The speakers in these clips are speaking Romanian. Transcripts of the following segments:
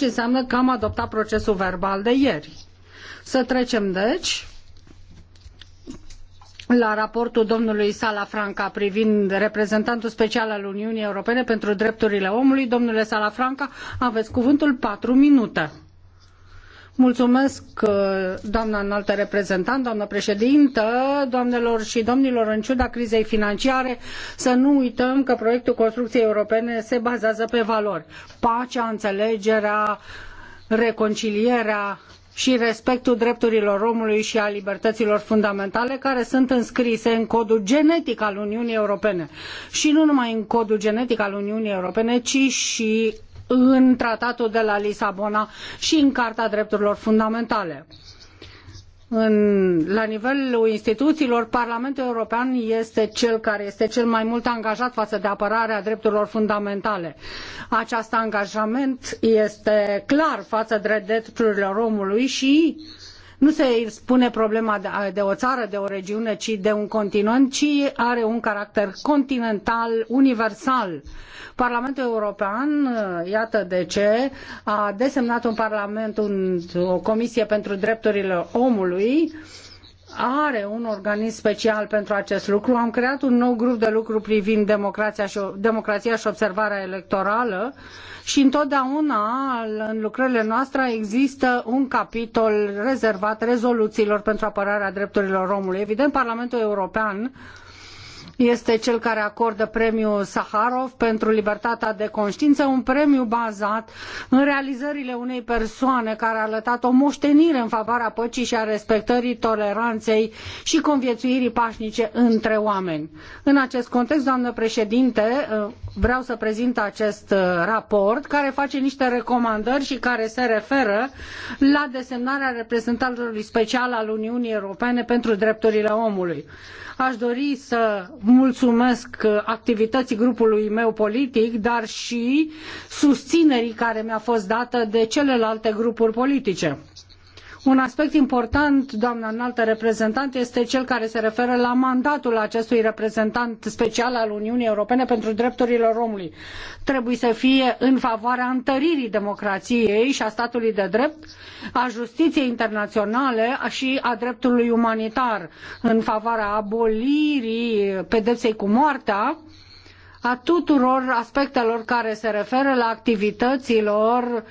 ce înseamnă că am adoptat procesul verbal de ieri. Să trecem, deci, la raportul domnului Salafranca privind reprezentantul special al Uniunii Europene pentru drepturile omului. Domnule Salafranca, aveți cuvântul patru minute. Mulțumesc, uh, doamna înaltă reprezentant, doamnă președintă, doamnelor și domnilor, în ciuda crizei financiare, să nu uităm că proiectul construcției europene se bazează pe valori. Pacea, înțelegerea, reconcilierea, și respectul drepturilor omului și a libertăților fundamentale care sunt înscrise în codul genetic al Uniunii Europene. Și nu numai în codul genetic al Uniunii Europene, ci și în tratatul de la Lisabona și în Carta Drepturilor Fundamentale. În, la nivelul instituțiilor, Parlamentul European este cel care este cel mai mult angajat față de apărarea drepturilor fundamentale. Acest angajament este clar față de drepturile omului și nu se spune problema de, de o țară, de o regiune, ci de un continent, ci are un caracter continental, universal. Parlamentul European, iată de ce, a desemnat un parlament, un, o comisie pentru drepturile omului, are un organism special pentru acest lucru. Am creat un nou grup de lucru privind democrația și, democrația și observarea electorală și întotdeauna în lucrările noastre există un capitol rezervat rezoluțiilor pentru apărarea drepturilor omului. Evident, Parlamentul European este cel care acordă premiul Saharov pentru libertatea de conștiință, un premiu bazat în realizările unei persoane care a lătat o moștenire în favoarea păcii și a respectării toleranței și conviețuirii pașnice între oameni. În acest context, doamnă președinte, vreau să prezint acest uh, raport care face niște recomandări și care se referă la desemnarea reprezentantului special al Uniunii Europene pentru drepturile omului. Aș dori să mulțumesc activității grupului meu politic, dar și susținerii care mi-a fost dată de celelalte grupuri politice. Un aspect important, doamna înaltă reprezentant, este cel care se referă la mandatul acestui reprezentant special al Uniunii Europene pentru drepturile omului. Trebuie să fie în favoarea întăririi democrației și a statului de drept, a justiției internaționale și a dreptului umanitar, în favoarea abolirii pedepsei cu moartea, a tuturor aspectelor care se referă la activităților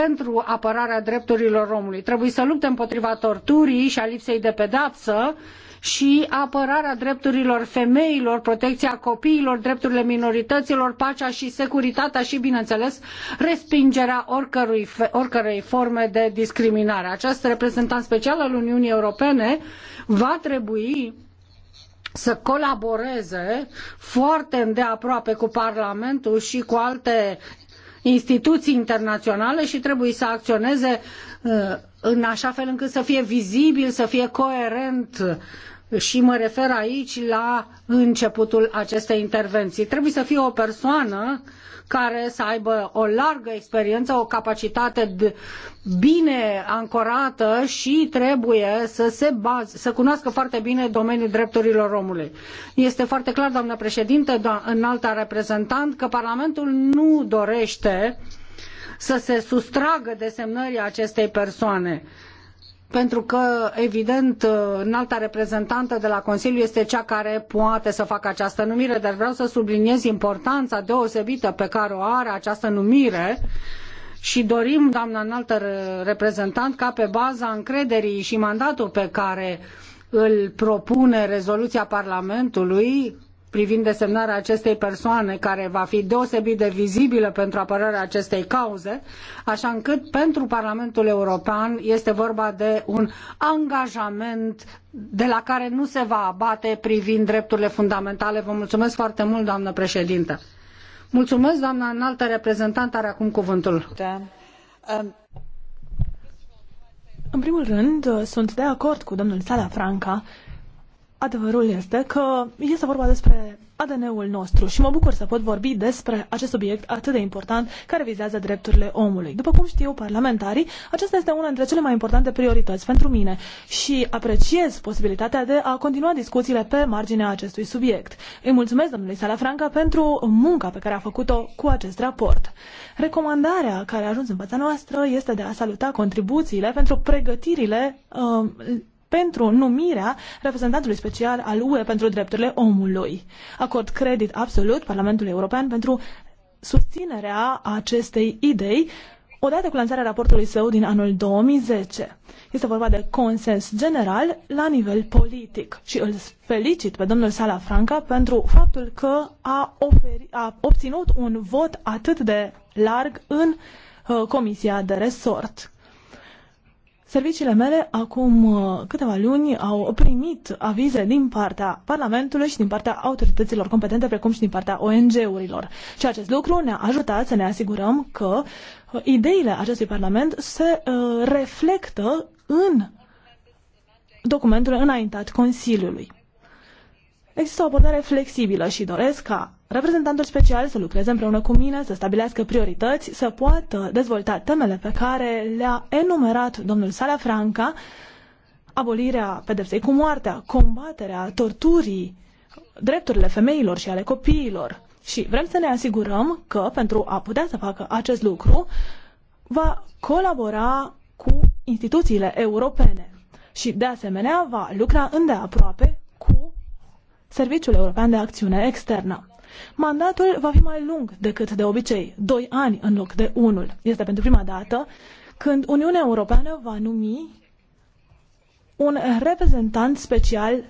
pentru apărarea drepturilor omului. Trebuie să lupte împotriva torturii și a lipsei de pedapsă și apărarea drepturilor femeilor, protecția copiilor, drepturile minorităților, pacea și securitatea și, bineînțeles, respingerea oricărui, oricărei forme de discriminare. Acest reprezentant special al Uniunii Europene va trebui să colaboreze foarte îndeaproape cu Parlamentul și cu alte instituții internaționale și trebuie să acționeze uh, în așa fel încât să fie vizibil, să fie coerent și mă refer aici la începutul acestei intervenții. Trebuie să fie o persoană uh, care să aibă o largă experiență, o capacitate bine ancorată și trebuie să se baze, să cunoască foarte bine domeniul drepturilor omului. Este foarte clar, doamnă președinte, do- da, înalta reprezentant, că Parlamentul nu dorește să se sustragă desemnării acestei persoane pentru că, evident, înalta reprezentantă de la Consiliu este cea care poate să facă această numire, dar vreau să subliniez importanța deosebită pe care o are această numire și dorim, doamna înaltă reprezentant, ca pe baza încrederii și mandatul pe care îl propune rezoluția Parlamentului, privind desemnarea acestei persoane, care va fi deosebit de vizibilă pentru apărarea acestei cauze, așa încât pentru Parlamentul European este vorba de un angajament de la care nu se va abate privind drepturile fundamentale. Vă mulțumesc foarte mult, doamnă președintă. Mulțumesc, doamna înaltă reprezentant, are acum cuvântul. Da. Um... În primul rând, sunt de acord cu domnul Sala Franca Adevărul este că este vorba despre ADN-ul nostru și mă bucur să pot vorbi despre acest subiect atât de important care vizează drepturile omului. După cum știu parlamentarii, aceasta este una dintre cele mai importante priorități pentru mine și apreciez posibilitatea de a continua discuțiile pe marginea acestui subiect. Îi mulțumesc domnului Salafranca pentru munca pe care a făcut-o cu acest raport. Recomandarea care a ajuns în fața noastră este de a saluta contribuțiile pentru pregătirile uh, pentru numirea reprezentantului special al UE pentru drepturile omului. Acord credit absolut Parlamentului European pentru susținerea acestei idei odată cu lansarea raportului său din anul 2010. Este vorba de consens general la nivel politic și îl felicit pe domnul Sala Franca pentru faptul că a, oferi, a obținut un vot atât de larg în uh, Comisia de Resort. Serviciile mele acum uh, câteva luni au primit avize din partea Parlamentului și din partea autorităților competente, precum și din partea ONG-urilor. Și acest lucru ne-a ajutat să ne asigurăm că uh, ideile acestui Parlament se uh, reflectă în documentul înaintat Consiliului. Există o abordare flexibilă și doresc ca reprezentantul special să lucreze împreună cu mine, să stabilească priorități, să poată dezvolta temele pe care le-a enumerat domnul Salafranca, abolirea pedepsei cu moartea, combaterea torturii, drepturile femeilor și ale copiilor. Și vrem să ne asigurăm că, pentru a putea să facă acest lucru, va colabora cu instituțiile europene și, de asemenea, va lucra îndeaproape Serviciul European de Acțiune Externă. Mandatul va fi mai lung decât de obicei, doi ani în loc de unul. Este pentru prima dată când Uniunea Europeană va numi un reprezentant special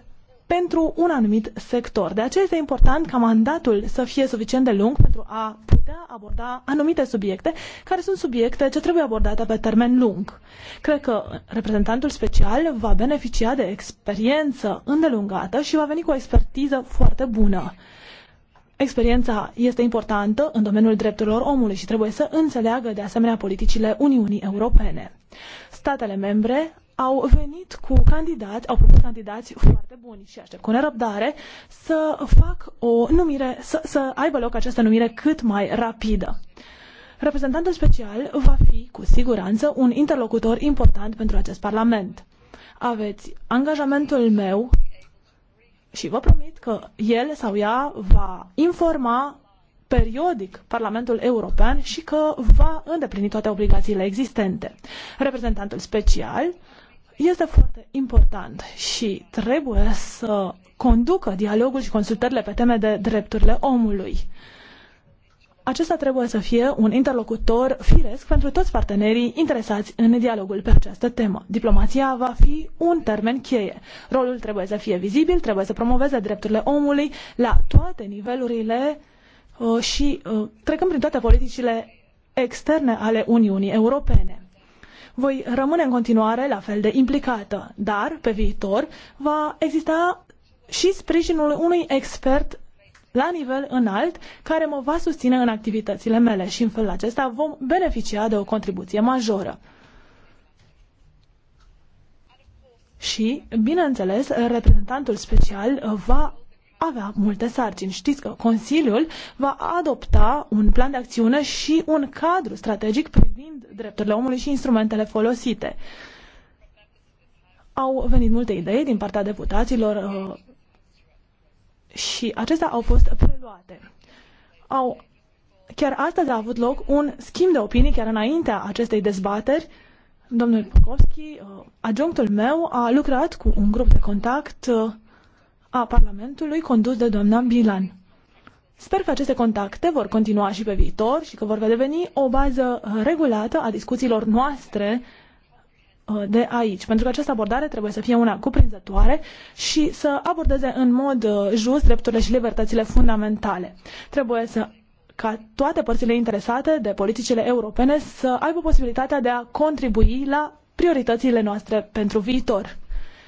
pentru un anumit sector. De aceea este important ca mandatul să fie suficient de lung pentru a putea aborda anumite subiecte care sunt subiecte ce trebuie abordate pe termen lung. Cred că reprezentantul special va beneficia de experiență îndelungată și va veni cu o expertiză foarte bună. Experiența este importantă în domeniul drepturilor omului și trebuie să înțeleagă de asemenea politicile Uniunii Europene. Statele membre au venit cu candidați, au propus candidați foarte buni și aștept cu nerăbdare să fac o numire, să, să aibă loc această numire cât mai rapidă. Reprezentantul special va fi, cu siguranță, un interlocutor important pentru acest Parlament. Aveți angajamentul meu și vă promit că el sau ea va informa periodic Parlamentul European și că va îndeplini toate obligațiile existente. Reprezentantul special este foarte important și trebuie să conducă dialogul și consultările pe teme de drepturile omului. Acesta trebuie să fie un interlocutor firesc pentru toți partenerii interesați în dialogul pe această temă. Diplomația va fi un termen cheie. Rolul trebuie să fie vizibil, trebuie să promoveze drepturile omului la toate nivelurile uh, și uh, trecând prin toate politicile externe ale Uniunii Europene. Voi rămâne în continuare la fel de implicată, dar pe viitor va exista și sprijinul unui expert la nivel înalt care mă va susține în activitățile mele și în felul acesta vom beneficia de o contribuție majoră. Și, bineînțeles, reprezentantul special va avea multe sarcini. Știți că Consiliul va adopta un plan de acțiune și un cadru strategic privind drepturile omului și instrumentele folosite. Au venit multe idei din partea deputaților uh, și acestea au fost preluate. Au, chiar astăzi a avut loc un schimb de opinii, chiar înaintea acestei dezbateri, Domnul Popovski, uh, adjunctul meu, a lucrat cu un grup de contact uh, a Parlamentului condus de doamna Bilan. Sper că aceste contacte vor continua și pe viitor și că vor deveni o bază regulată a discuțiilor noastre uh, de aici, pentru că această abordare trebuie să fie una cuprinzătoare și să abordeze în mod uh, just drepturile și libertățile fundamentale. Trebuie să ca toate părțile interesate de politicile europene să aibă posibilitatea de a contribui la prioritățile noastre pentru viitor.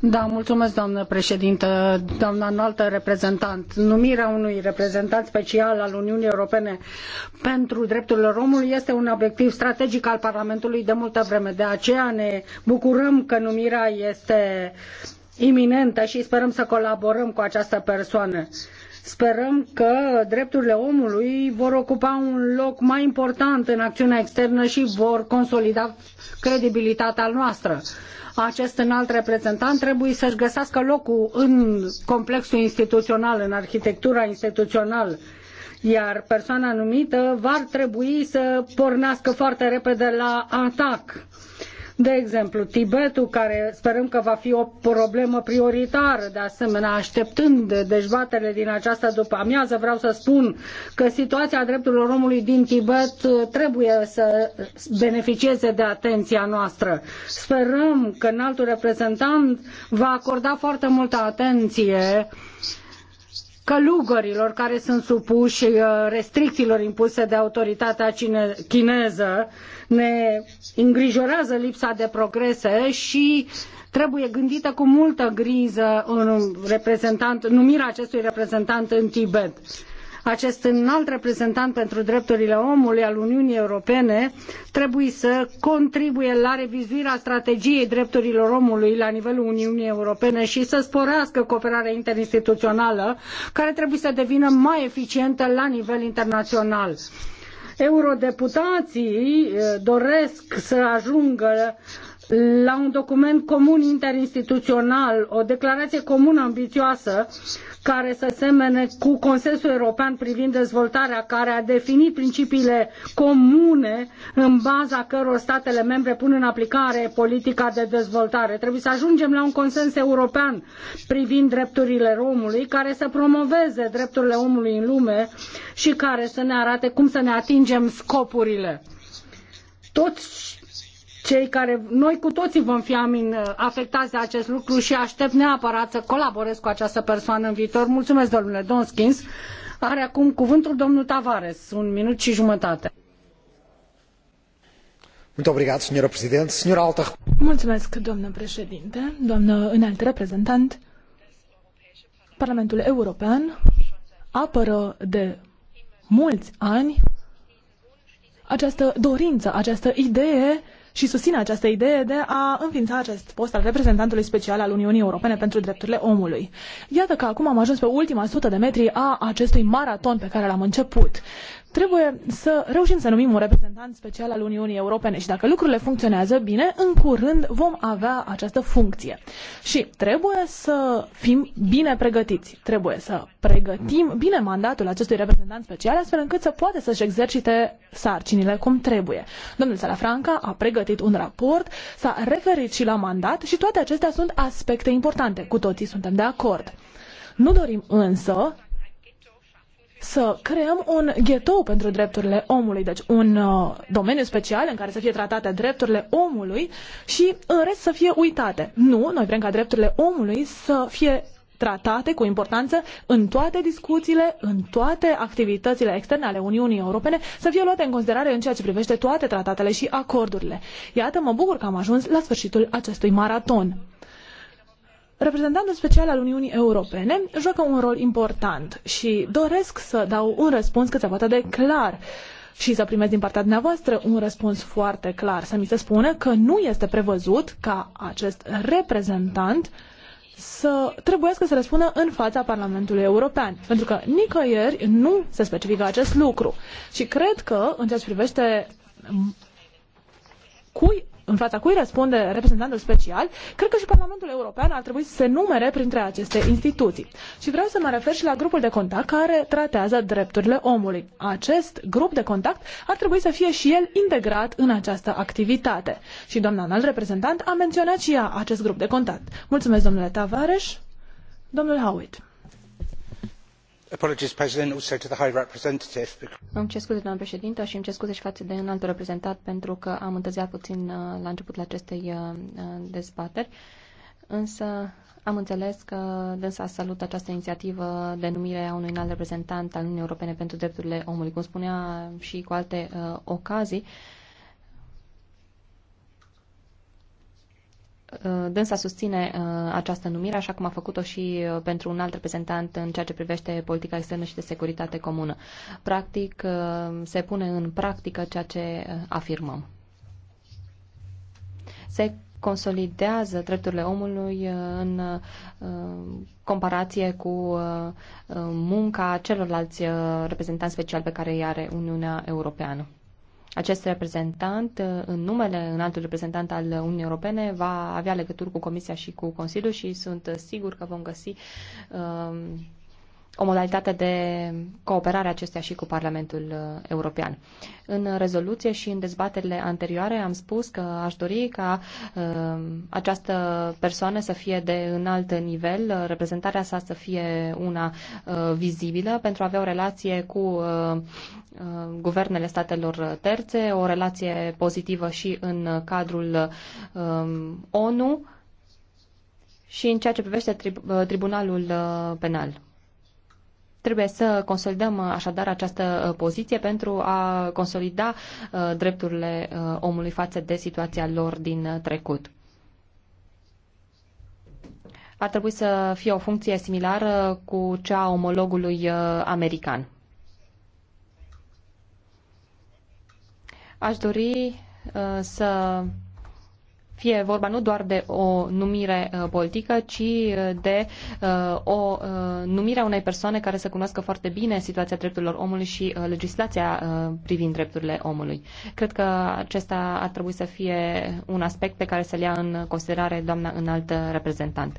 Da, mulțumesc, doamnă președintă, doamna înaltă reprezentant. Numirea unui reprezentant special al Uniunii Europene pentru drepturile omului este un obiectiv strategic al Parlamentului de multă vreme. De aceea ne bucurăm că numirea este iminentă și sperăm să colaborăm cu această persoană. Sperăm că drepturile omului vor ocupa un loc mai important în acțiunea externă și vor consolida credibilitatea noastră. Acest înalt reprezentant trebuie să-și găsească locul în complexul instituțional, în arhitectura instituțională iar persoana numită va trebui să pornească foarte repede la atac de exemplu, Tibetul, care sperăm că va fi o problemă prioritară, de asemenea, așteptând dezbaterile din această după amiază, vreau să spun că situația drepturilor omului din Tibet uh, trebuie să beneficieze de atenția noastră. Sperăm că înaltul reprezentant va acorda foarte multă atenție călugărilor care sunt supuși uh, restricțiilor impuse de autoritatea chineză ne îngrijorează lipsa de progrese și trebuie gândită cu multă grijă în reprezentant, numirea acestui reprezentant în Tibet acest înalt reprezentant pentru drepturile omului al Uniunii Europene trebuie să contribuie la revizuirea strategiei drepturilor omului la nivelul Uniunii Europene și să sporească cooperarea interinstituțională care trebuie să devină mai eficientă la nivel internațional eurodeputații eh, doresc să ajungă la un document comun interinstituțional, o declarație comună ambițioasă care să semene cu consensul european privind dezvoltarea, care a definit principiile comune în baza cărora statele membre pun în aplicare politica de dezvoltare. Trebuie să ajungem la un consens european privind drepturile omului, care să promoveze drepturile omului în lume și care să ne arate cum să ne atingem scopurile. Toți cei care, noi cu toții vom fi amin, uh, afectați de acest lucru și aștept neapărat să colaborez cu această persoană în viitor. Mulțumesc, domnule Donskins. Are acum cuvântul domnul Tavares, un minut și jumătate. Mulțumesc, doamnă președinte, doamnă înalt reprezentant. Parlamentul European apără de mulți ani această dorință, această idee și susține această idee de a înființa acest post al reprezentantului special al Uniunii Europene pentru Drepturile Omului. Iată că acum am ajuns pe ultima sută de metri a acestui maraton pe care l-am început trebuie să reușim să numim un reprezentant special al Uniunii Europene și dacă lucrurile funcționează bine, în curând vom avea această funcție. Și trebuie să fim bine pregătiți. Trebuie să pregătim bine mandatul acestui reprezentant special astfel încât să poată să-și exercite sarcinile cum trebuie. Domnul Salafranca a pregătit un raport, s-a referit și la mandat și toate acestea sunt aspecte importante. Cu toții suntem de acord. Nu dorim însă să creăm un ghetou pentru drepturile omului, deci un uh, domeniu special în care să fie tratate drepturile omului și în rest să fie uitate. Nu, noi vrem ca drepturile omului să fie tratate cu importanță în toate discuțiile, în toate activitățile externe ale Uniunii Europene, să fie luate în considerare în ceea ce privește toate tratatele și acordurile. Iată, mă bucur că am ajuns la sfârșitul acestui maraton reprezentantul special al Uniunii Europene joacă un rol important și doresc să dau un răspuns cât se poate de clar și să primesc din partea dumneavoastră un răspuns foarte clar, să mi se spună că nu este prevăzut ca acest reprezentant să trebuiască să răspundă în fața Parlamentului European, pentru că nicăieri nu se specifică acest lucru. Și cred că, în ceea ce privește cui în fața cui răspunde reprezentantul special, cred că și Parlamentul European ar trebui să se numere printre aceste instituții. Și vreau să mă refer și la grupul de contact care tratează drepturile omului. Acest grup de contact ar trebui să fie și el integrat în această activitate. Și doamna înalt reprezentant a menționat și ea acest grup de contact. Mulțumesc, domnule Tavares. Domnul Howitt. Îmi cer scuze, doamnă președintă, și îmi cer scuze și față de înaltul reprezentat pentru că am întârziat puțin uh, la începutul acestei uh, uh, dezbateri, însă am înțeles că dânsa salută această inițiativă de numire a unui înalt reprezentant al Uniunii Europene pentru drepturile omului. Cum spunea și cu alte uh, ocazii, uh, Uh, dânsa susține uh, această numire, așa cum a făcut-o și uh, pentru un alt reprezentant în ceea ce privește politica externă și de securitate comună. Practic, se pune în practică ceea ce afirmăm. Se consolidează drepturile omului în comparație cu munca celorlalți reprezentanți speciali pe care îi are Uniunea Europeană. Acest reprezentant, uh, în numele înaltul reprezentant al Uniunii Europene, va avea legături cu Comisia și cu Consiliul și sunt sigur că vom găsi uh, o modalitate de cooperare acestea și cu Parlamentul uh, European. În rezoluție și în dezbaterile anterioare am spus că aș dori ca uh, această persoană să fie de înalt nivel, uh, reprezentarea sa să fie una uh, vizibilă pentru a avea o relație cu uh, uh guvernele statelor terțe, o relație pozitivă și în cadrul um, ONU și în ceea ce privește trib- Tribunalul Penal. Trebuie să consolidăm uh, așadar această uh, poziție pentru a consolida uh, drepturile omului față de situația lor din trecut ar trebui să fie o funcție similară cu cea a omologului american. Aș dori să fie vorba nu doar de o numire uh, politică, ci uh, de uh, o numire a unei persoane care să cunoască foarte bine situația drepturilor omului și legislația privind drepturile omului. Cred că acesta ar trebui să fie un aspect pe care să-l ia în considerare doamna înaltă reprezentant.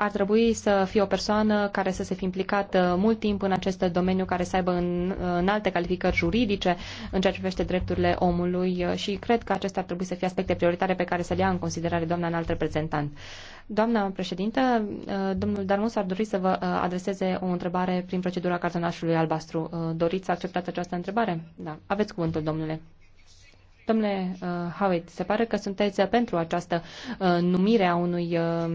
ar trebui să fie o persoană care să se fi implicat uh, mult timp în acest domeniu, care să aibă în, uh, în alte calificări juridice în ceea ce privește drepturile omului uh, și cred că acestea ar trebui să fie aspecte prioritare pe care să le ia în considerare doamna înalt reprezentant. Doamna președintă, domnul Darmus ar dori să vă adreseze o întrebare prin procedura cartonașului albastru. Doriți să acceptați această întrebare? Da. Aveți cuvântul, domnule. Domnule uh, Howitt, se pare că sunteți pentru această uh, numire a unui uh,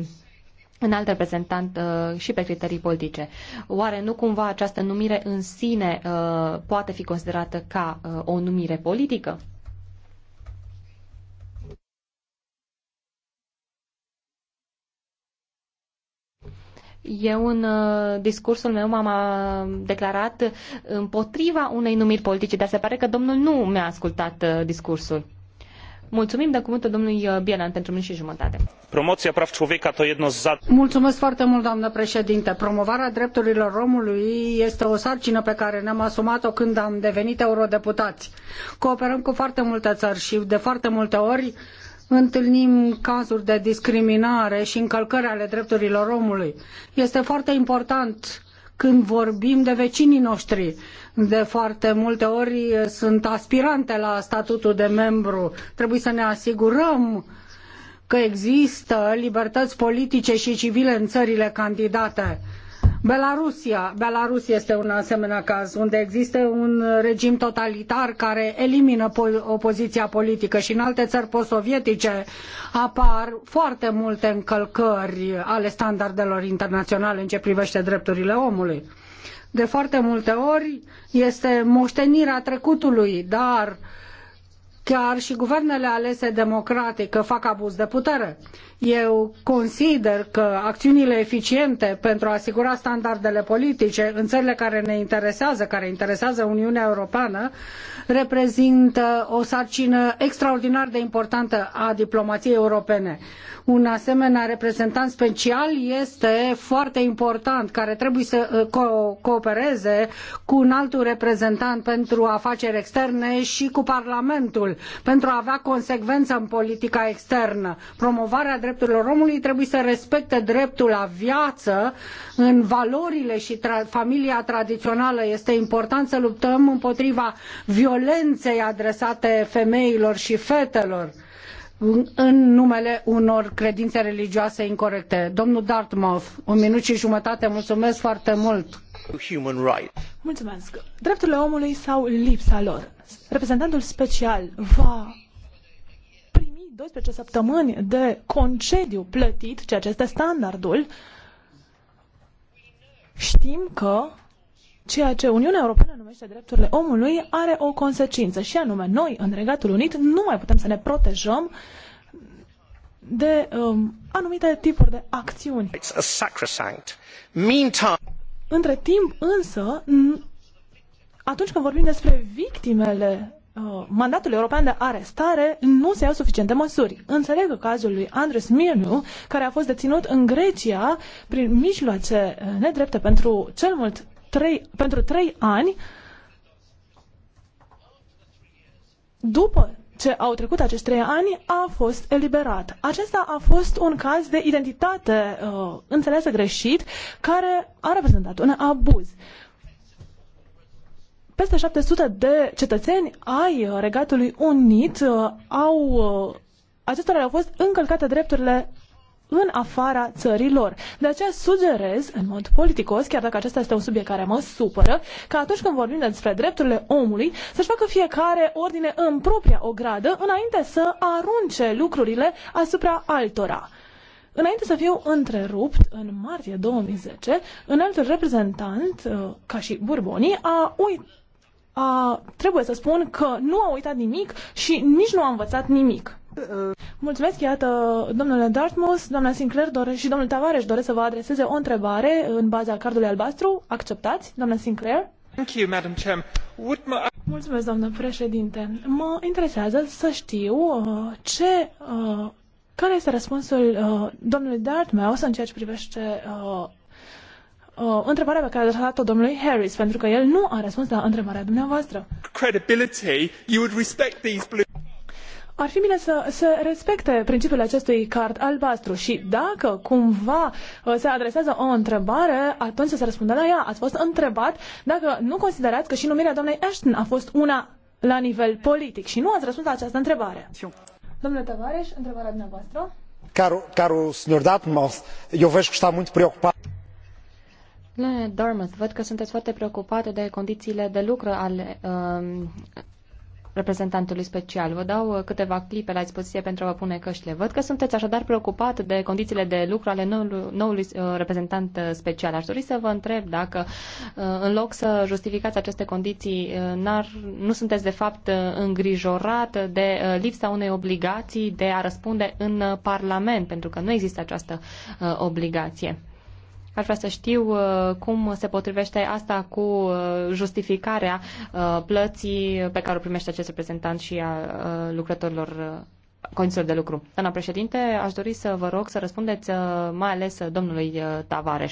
în alt reprezentant uh, și pe criterii politice. Oare nu cumva această numire în sine uh, poate fi considerată ca uh, o numire politică? Eu în discursul meu m-am declarat împotriva unei numiri politice, dar se pare că domnul nu mi-a ascultat discursul. Mulțumim de cuvântul domnului uh, Bielan pentru minut și jumătate. Promoția prav człowieka to jedno z Mulțumesc foarte mult, doamnă președinte. Promovarea drepturilor romului este o sarcină pe care ne-am asumat-o când am devenit eurodeputați. Cooperăm cu foarte multe țări și de foarte multe ori întâlnim cazuri de discriminare și încălcări ale drepturilor omului. Este foarte important când vorbim de vecinii noștri. De foarte multe ori eh, sunt aspirante la statutul de membru. Trebuie să ne asigurăm că există libertăți politice și civile în țările candidate Belarusia. Belarus este un asemenea caz, unde există un regim totalitar care elimină po- opoziția politică și în alte țări postsovietice apar foarte multe încălcări ale standardelor internaționale în ceea ce privește drepturile omului. De foarte multe ori este moștenirea trecutului, dar uh, Chiar și guvernele alese democratic fac abuz de putere. Eu consider că acțiunile eficiente pentru a asigura standardele politice în țările care ne interesează, care interesează Uniunea Europeană, reprezintă o sarcină extraordinar de importantă a diplomației europene. Un asemenea reprezentant special este foarte important, care trebuie să uh, co coopereze cu un altul reprezentant pentru afaceri externe și cu Parlamentul pentru a avea consecvență în politica externă. Promovarea drepturilor omului trebuie să respecte dreptul la viață în valorile și tra- familia tradițională. Este important să luptăm împotriva violenței adresate femeilor și fetelor în numele unor credințe religioase incorrecte. Domnul Dartmouth, un minut și jumătate, mulțumesc foarte mult. Mulțumesc. Drepturile omului sau lipsa lor. Reprezentantul special va primi 12 săptămâni de concediu plătit, ceea ce este standardul, știm că ceea ce Uniunea Europeană numește drepturile omului are o consecință și anume noi, în Regatul Unit, nu mai putem să ne protejăm de um, anumite tipuri de acțiuni. It's a sacrosanct. Meantime... Între timp, însă, atunci când vorbim despre victimele uh, mandatul european de arestare, nu se iau suficiente măsuri. Înțeleg că cazul lui Andres Mirnu, care a fost deținut în Grecia prin mijloace uh, nedrepte pentru cel mult trei, pentru trei ani, după ce au trecut acești trei ani, a fost eliberat. Acesta a fost un caz de identitate uh, înțeleasă greșit, care a reprezentat un abuz. Peste 700 de cetățeni ai Regatului Unit uh, au uh, acestora au fost încălcate drepturile în afara țărilor. De aceea sugerez, în mod politicos, chiar dacă acesta este un subiect care mă supără, că atunci când vorbim despre drepturile omului, să-și facă fiecare ordine în propria ogradă, înainte să arunce lucrurile asupra altora. Înainte să fiu întrerupt, în martie 2010, un alt reprezentant, uh, ca și Burbonii, a uit, a, trebuie să spun că nu a uitat nimic și nici nu a învățat nimic. Mulțumesc, iată, domnule Dartmouth, doamna Sinclair dore- și domnul Tavares doresc să vă adreseze o întrebare în baza cardului albastru. Acceptați, doamna Sinclair? Thank you, Madam Chair. Would my... Mulțumesc, doamnă președinte. Mă interesează să știu uh, ce, uh, care este răspunsul uh, domnului Dartmouth în ceea ce privește uh, uh, întrebarea pe care a adresat-o domnului Harris, pentru că el nu a răspuns la întrebarea dumneavoastră. Credibility, you would respect these blue ar fi bine să să respecte principiul acestui card albastru și dacă cumva uh, se adresează o întrebare, atunci să se răspundă la ea. Ați fost întrebat dacă nu considerați că și numirea doamnei Ashton a fost una la nivel politic și nu ați răspuns la această întrebare. Domnule Tavares, întrebarea dumneavoastră. Caro, caro senor Datmos, eu vezi că sta mult preocupat. Domnule Dartmouth, văd că sunteți foarte preocupat de condițiile de lucru ale uh, reprezentantului special. Vă dau uh, câteva clipe la dispoziție pentru a vă pune căștile. Văd că sunteți așadar preocupat de condițiile de lucru ale noului, noului uh, reprezentant uh, special. Aș dori să vă întreb dacă, în loc să justificați aceste condiții, nu sunteți de fapt îngrijorat de lipsa unei obligații de a răspunde în Parlament, pentru că nu există această obligație. Aș vrea să știu uh, cum se potrivește asta cu uh, justificarea uh, plății pe care o primește acest reprezentant și a lucrătorilor condițiilor de lucru. Doamna președinte, aș dori să vă rog să răspundeți mai ales domnului Tavares.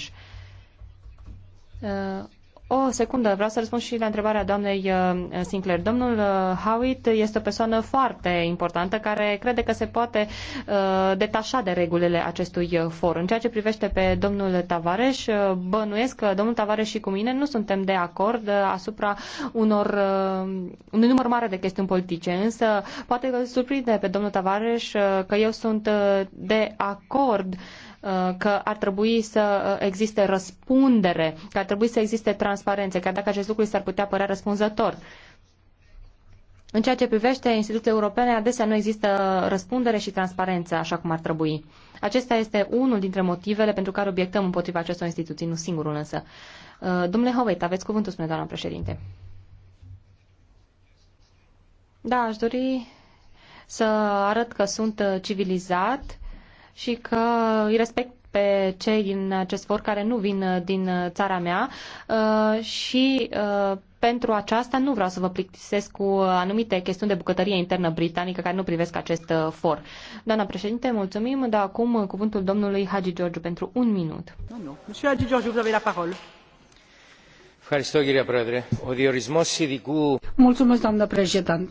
O secundă, vreau să răspund și la întrebarea doamnei uh, Sinclair. Domnul uh, Howitt este o persoană foarte importantă care crede că se poate uh, detașa de regulile acestui for. În ceea ce privește pe domnul Tavares, bănuiesc că domnul Tavares și cu mine nu suntem de acord asupra unor, un număr mare de chestiuni politice, însă poate că surprinde pe domnul Tavares că eu sunt de acord uh, Uh, că ar trebui să uh, existe răspundere, că ar trebui să existe transparență, chiar dacă acest lucru s-ar putea părea răspunzător. În ceea ce privește instituțiile europene, adesea nu există răspundere și transparență așa cum ar trebui. Acesta este unul dintre motivele pentru care obiectăm împotriva acestor instituții, nu singurul însă. Uh, domnule Hovet, aveți cuvântul, spune doamna președinte. Da, aș dori să arăt că sunt civilizat și că îi respect pe cei din acest for care nu vin uh, din uh, țara mea uh, și pentru aceasta nu vreau să vă plictisesc cu anumite chestiuni de bucătărie internă britanică care nu privesc acest for. Doamna președinte, mulțumim, dar acum cuvântul domnului Hagi Georgiu pentru un minut. Nu, nu. Monsieur Hagi Georgiu, vă la parole. Mulțumesc, președinte.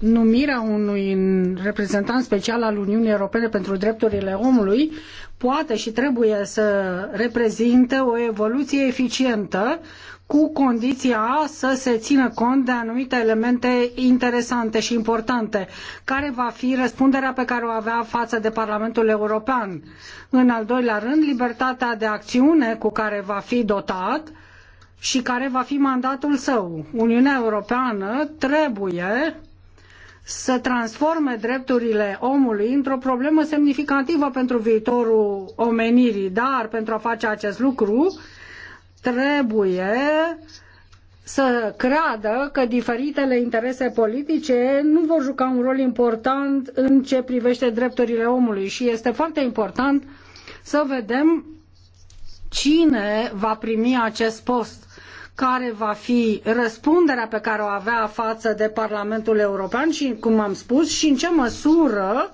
Numirea unui reprezentant special al Uniunii Europene pentru drepturile omului poate și trebuie să reprezinte o evoluție eficientă cu condiția să se țină cont de anumite elemente interesante și importante, care va fi răspunderea pe care o avea față de Parlamentul European. În al doilea rând, libertatea de acțiune cu care va fi dotat, și care va fi mandatul său. Uniunea Europeană trebuie să transforme drepturile omului într-o problemă semnificativă pentru viitorul omenirii, dar pentru a face acest lucru trebuie să creadă că diferitele interese politice nu vor juca un rol important în ce privește drepturile omului și este foarte important să vedem cine va primi acest post care va fi răspunderea pe care o avea față de Parlamentul European și, cum am spus, și în ce măsură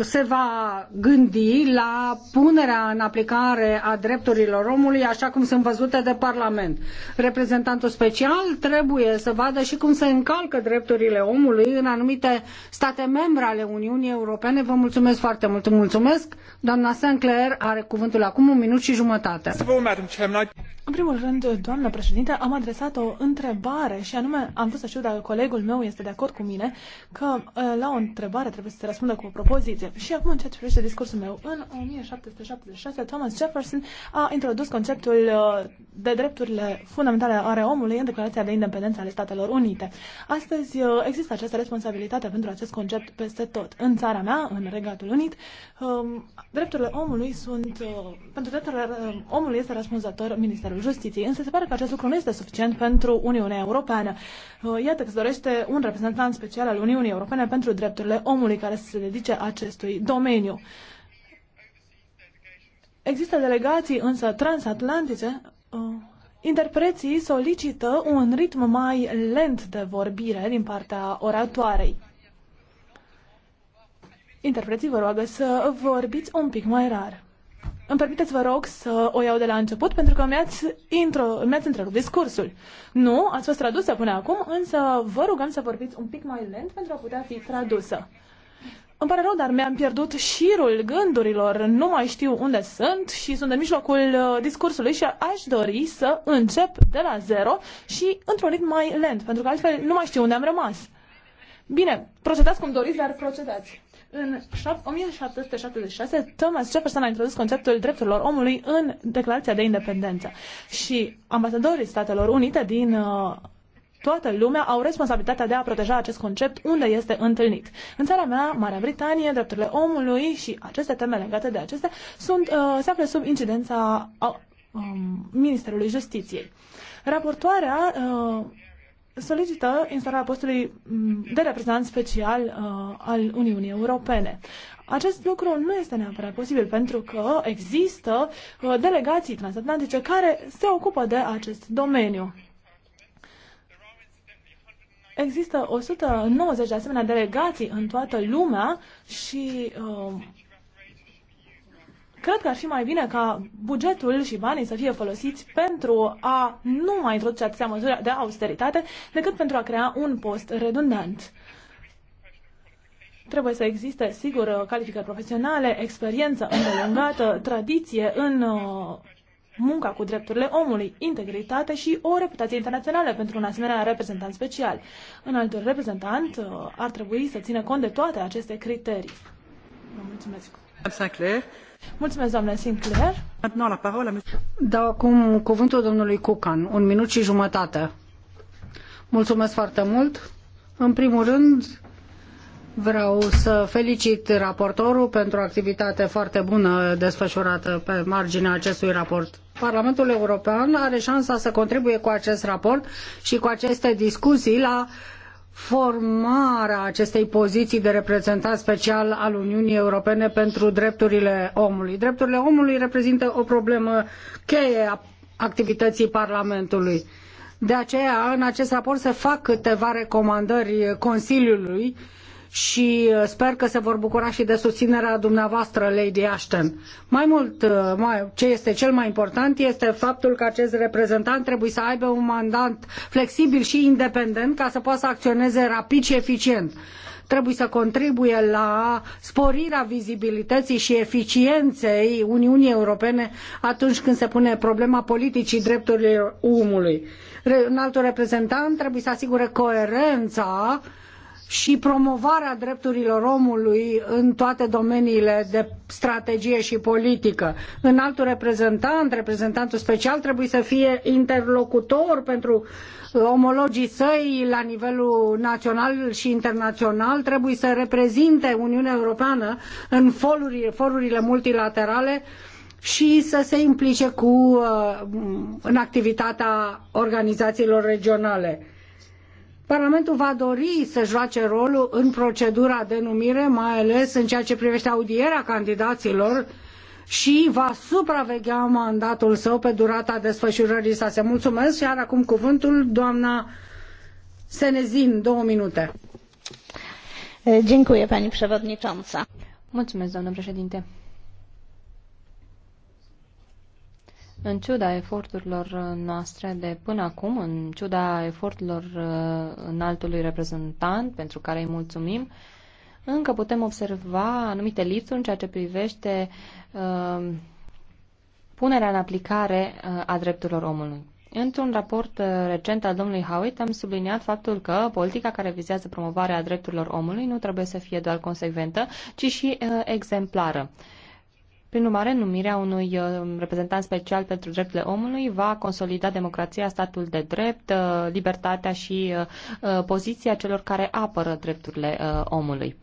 se va gândi la punerea în aplicare a drepturilor omului așa cum sunt văzute de Parlament. Reprezentantul special trebuie să vadă și cum se încalcă drepturile omului în anumite state membre ale Uniunii Europene. Vă mulțumesc foarte mult. Mulțumesc. Doamna Sinclair are cuvântul acum un minut și jumătate. În primul rând, doamnă președinte, am adresat o întrebare și anume am vrut să știu dacă colegul meu este de acord cu mine că ă, la o întrebare trebuie să se răspundă cu o propoziție. Și acum, în ceea ce privește discursul meu, în 1776 Thomas Jefferson a introdus conceptul ă, de drepturile fundamentale ale omului în Declarația de Independență ale Statelor Unite. Astăzi ă, există această responsabilitate pentru acest concept peste tot. În țara mea, în Regatul Unit, drepturile omului sunt, pentru drepturile omului este răspunzător Ministerul Ministerul Justiției, însă se pare că acest lucru nu este suficient pentru Uniunea Europeană. Uh, iată că se dorește un reprezentant special al Uniunii Europene pentru drepturile omului care să se dedice acestui domeniu. Există delegații însă transatlantice. Uh, interpreții solicită un ritm mai lent de vorbire din partea oratoarei. Interpreții vă roagă să vorbiți un pic mai rar. Îmi permiteți, vă rog, să o iau de la început, pentru că mi-ați, intro, mi-ați întrerupt discursul. Nu, ați fost tradusă până acum, însă vă rugăm să vorbiți un pic mai lent pentru a putea fi tradusă. Îmi pare rău, dar mi-am pierdut șirul gândurilor, nu mai știu unde sunt și sunt în mijlocul uh, discursului și aș dori să încep de la zero și într-un ritm mai lent, pentru că altfel nu mai știu unde am rămas. Bine, procedați cum doriți, dar procedați. În 1776, Thomas Jefferson a introdus conceptul drepturilor omului în Declarația de Independență și ambasadorii Statelor Unite din uh, toată lumea au responsabilitatea de a proteja acest concept unde este întâlnit. În țara mea, Marea Britanie, drepturile omului și aceste teme legate de acestea sunt, uh, se află sub incidența uh, um, Ministerului Justiției. Raportoarea uh, solicită instalarea postului mm, de reprezentant special uh, al Uniunii Europene. Acest lucru nu este neapărat posibil pentru că există uh, delegații transatlantice care se ocupă de acest domeniu. Există 190 de asemenea delegații în toată lumea și uh, Cred că ar fi mai bine ca bugetul și banii să fie folosiți pentru a nu mai introduce atâtea măsuri de austeritate decât pentru a crea un post redundant. Trebuie să existe, sigur, calificări profesionale, experiență îndelungată, tradiție în uh, munca cu drepturile omului, integritate și o reputație internațională pentru un asemenea reprezentant special. Un alt reprezentant uh, ar trebui să țină cont de toate aceste criterii. Vă mulțumesc! Sinclair. Mulțumesc, doamnă Sinclair. Dau acum cuvântul domnului Cucan. Un minut și jumătate. Mulțumesc foarte mult. În primul rând, vreau să felicit raportorul pentru activitatea foarte bună desfășurată pe marginea acestui raport. Parlamentul European are șansa să contribuie cu acest raport și cu aceste discuții la formarea acestei poziții de reprezentant special al Uniunii Europene pentru drepturile omului. Drepturile omului reprezintă o problemă cheie a activității Parlamentului. De aceea, în acest raport se fac câteva recomandări Consiliului uh, și uh, sper că se vor bucura și de susținerea dumneavoastră, Lady Ashton. Mai mult, uh, mai, ce este cel mai important este faptul că acest reprezentant trebuie să aibă un mandat flexibil și independent ca să poată să acționeze rapid și eficient trebuie să contribuie la sporirea vizibilității și eficienței Uniunii Europene atunci când se pune problema politicii drepturilor omului. Un alt reprezentant trebuie să asigure coerența uh, și promovarea drepturilor omului în toate domeniile de strategie și politică. În altul reprezentant, reprezentantul special trebuie să fie interlocutor pentru uh, omologii săi la nivelul național și internațional, trebuie să reprezinte Uniunea Europeană în forurile, forurile multilaterale și să se implice cu, uh, în activitatea organizațiilor regionale Parlamentul va dori să joace rolul în procedura de numire, mai ales în ceea ce privește audierea candidaților și va supraveghea mandatul său pe durata desfășurării sale. Mulțumesc mulțumesc, iar acum cuvântul doamna Senezin, două minute. Dziękuję, pani przewodnicząca. Mulțumesc, doamnă președinte. În ciuda eforturilor uh, noastre de până acum, în ciuda eforturilor uh, înaltului reprezentant, pentru care îi mulțumim, încă putem observa anumite lipsuri în ceea ce privește uh, punerea în aplicare a drepturilor omului. Într-un raport recent al domnului Howitt am subliniat faptul că politica care vizează promovarea drepturilor omului nu trebuie să fie doar consecventă, ci și exemplară. Prin urmare, numirea unui uh, reprezentant special pentru drepturile omului va consolida democrația, statul de drept, uh, libertatea și uh, poziția celor care apără drepturile omului.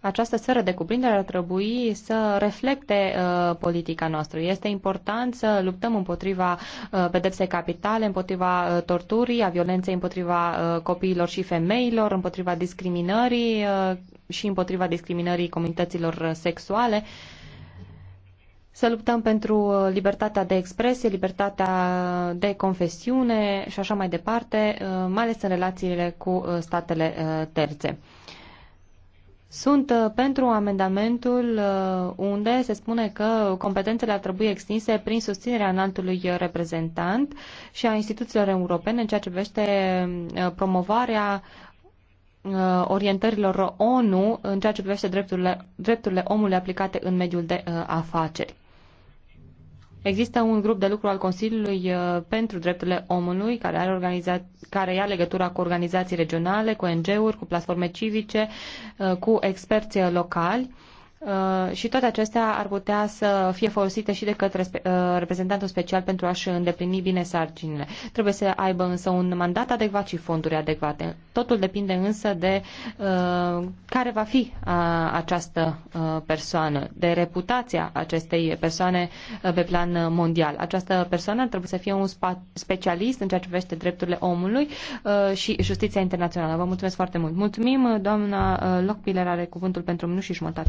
Această sferă de cuprindere ar trebui să reflecte uh, politica noastră. Este important să luptăm împotriva uh, pedepsei capitale, împotriva uh, torturii, a violenței împotriva uh, copiilor și femeilor, împotriva discriminării uh, și împotriva discriminării comunităților sexuale. Uh, să luptăm pentru uh, libertatea de expresie, libertatea de confesiune și așa mai departe, uh, mai ales în relațiile cu uh, statele terțe. Sunt pentru amendamentul unde se spune că competențele ar trebui extinse prin susținerea înaltului reprezentant și a instituțiilor europene în ceea ce privește promovarea orientărilor ONU în ceea ce privește drepturile, drepturile omului aplicate în mediul de afaceri. Există un grup de lucru al Consiliului uh, pentru drepturile omului care, are care ia legătura cu organizații regionale, cu ONG-uri, cu platforme civice, uh, cu experți uh, locali Uh, și toate acestea ar putea să fie folosite și de către uh, reprezentantul special pentru a-și îndeplini bine sarcinile. Trebuie să aibă însă un mandat adecvat și fonduri adecvate. Totul depinde însă de uh, care va fi această persoană, de reputația acestei persoane pe plan mondial. Această persoană trebuie să fie un specialist în ceea ce privește drepturile omului și justiția internațională. Vă mulțumesc foarte mult. Mulțumim, doamna Lockpiller are cuvântul pentru minut și jumătate.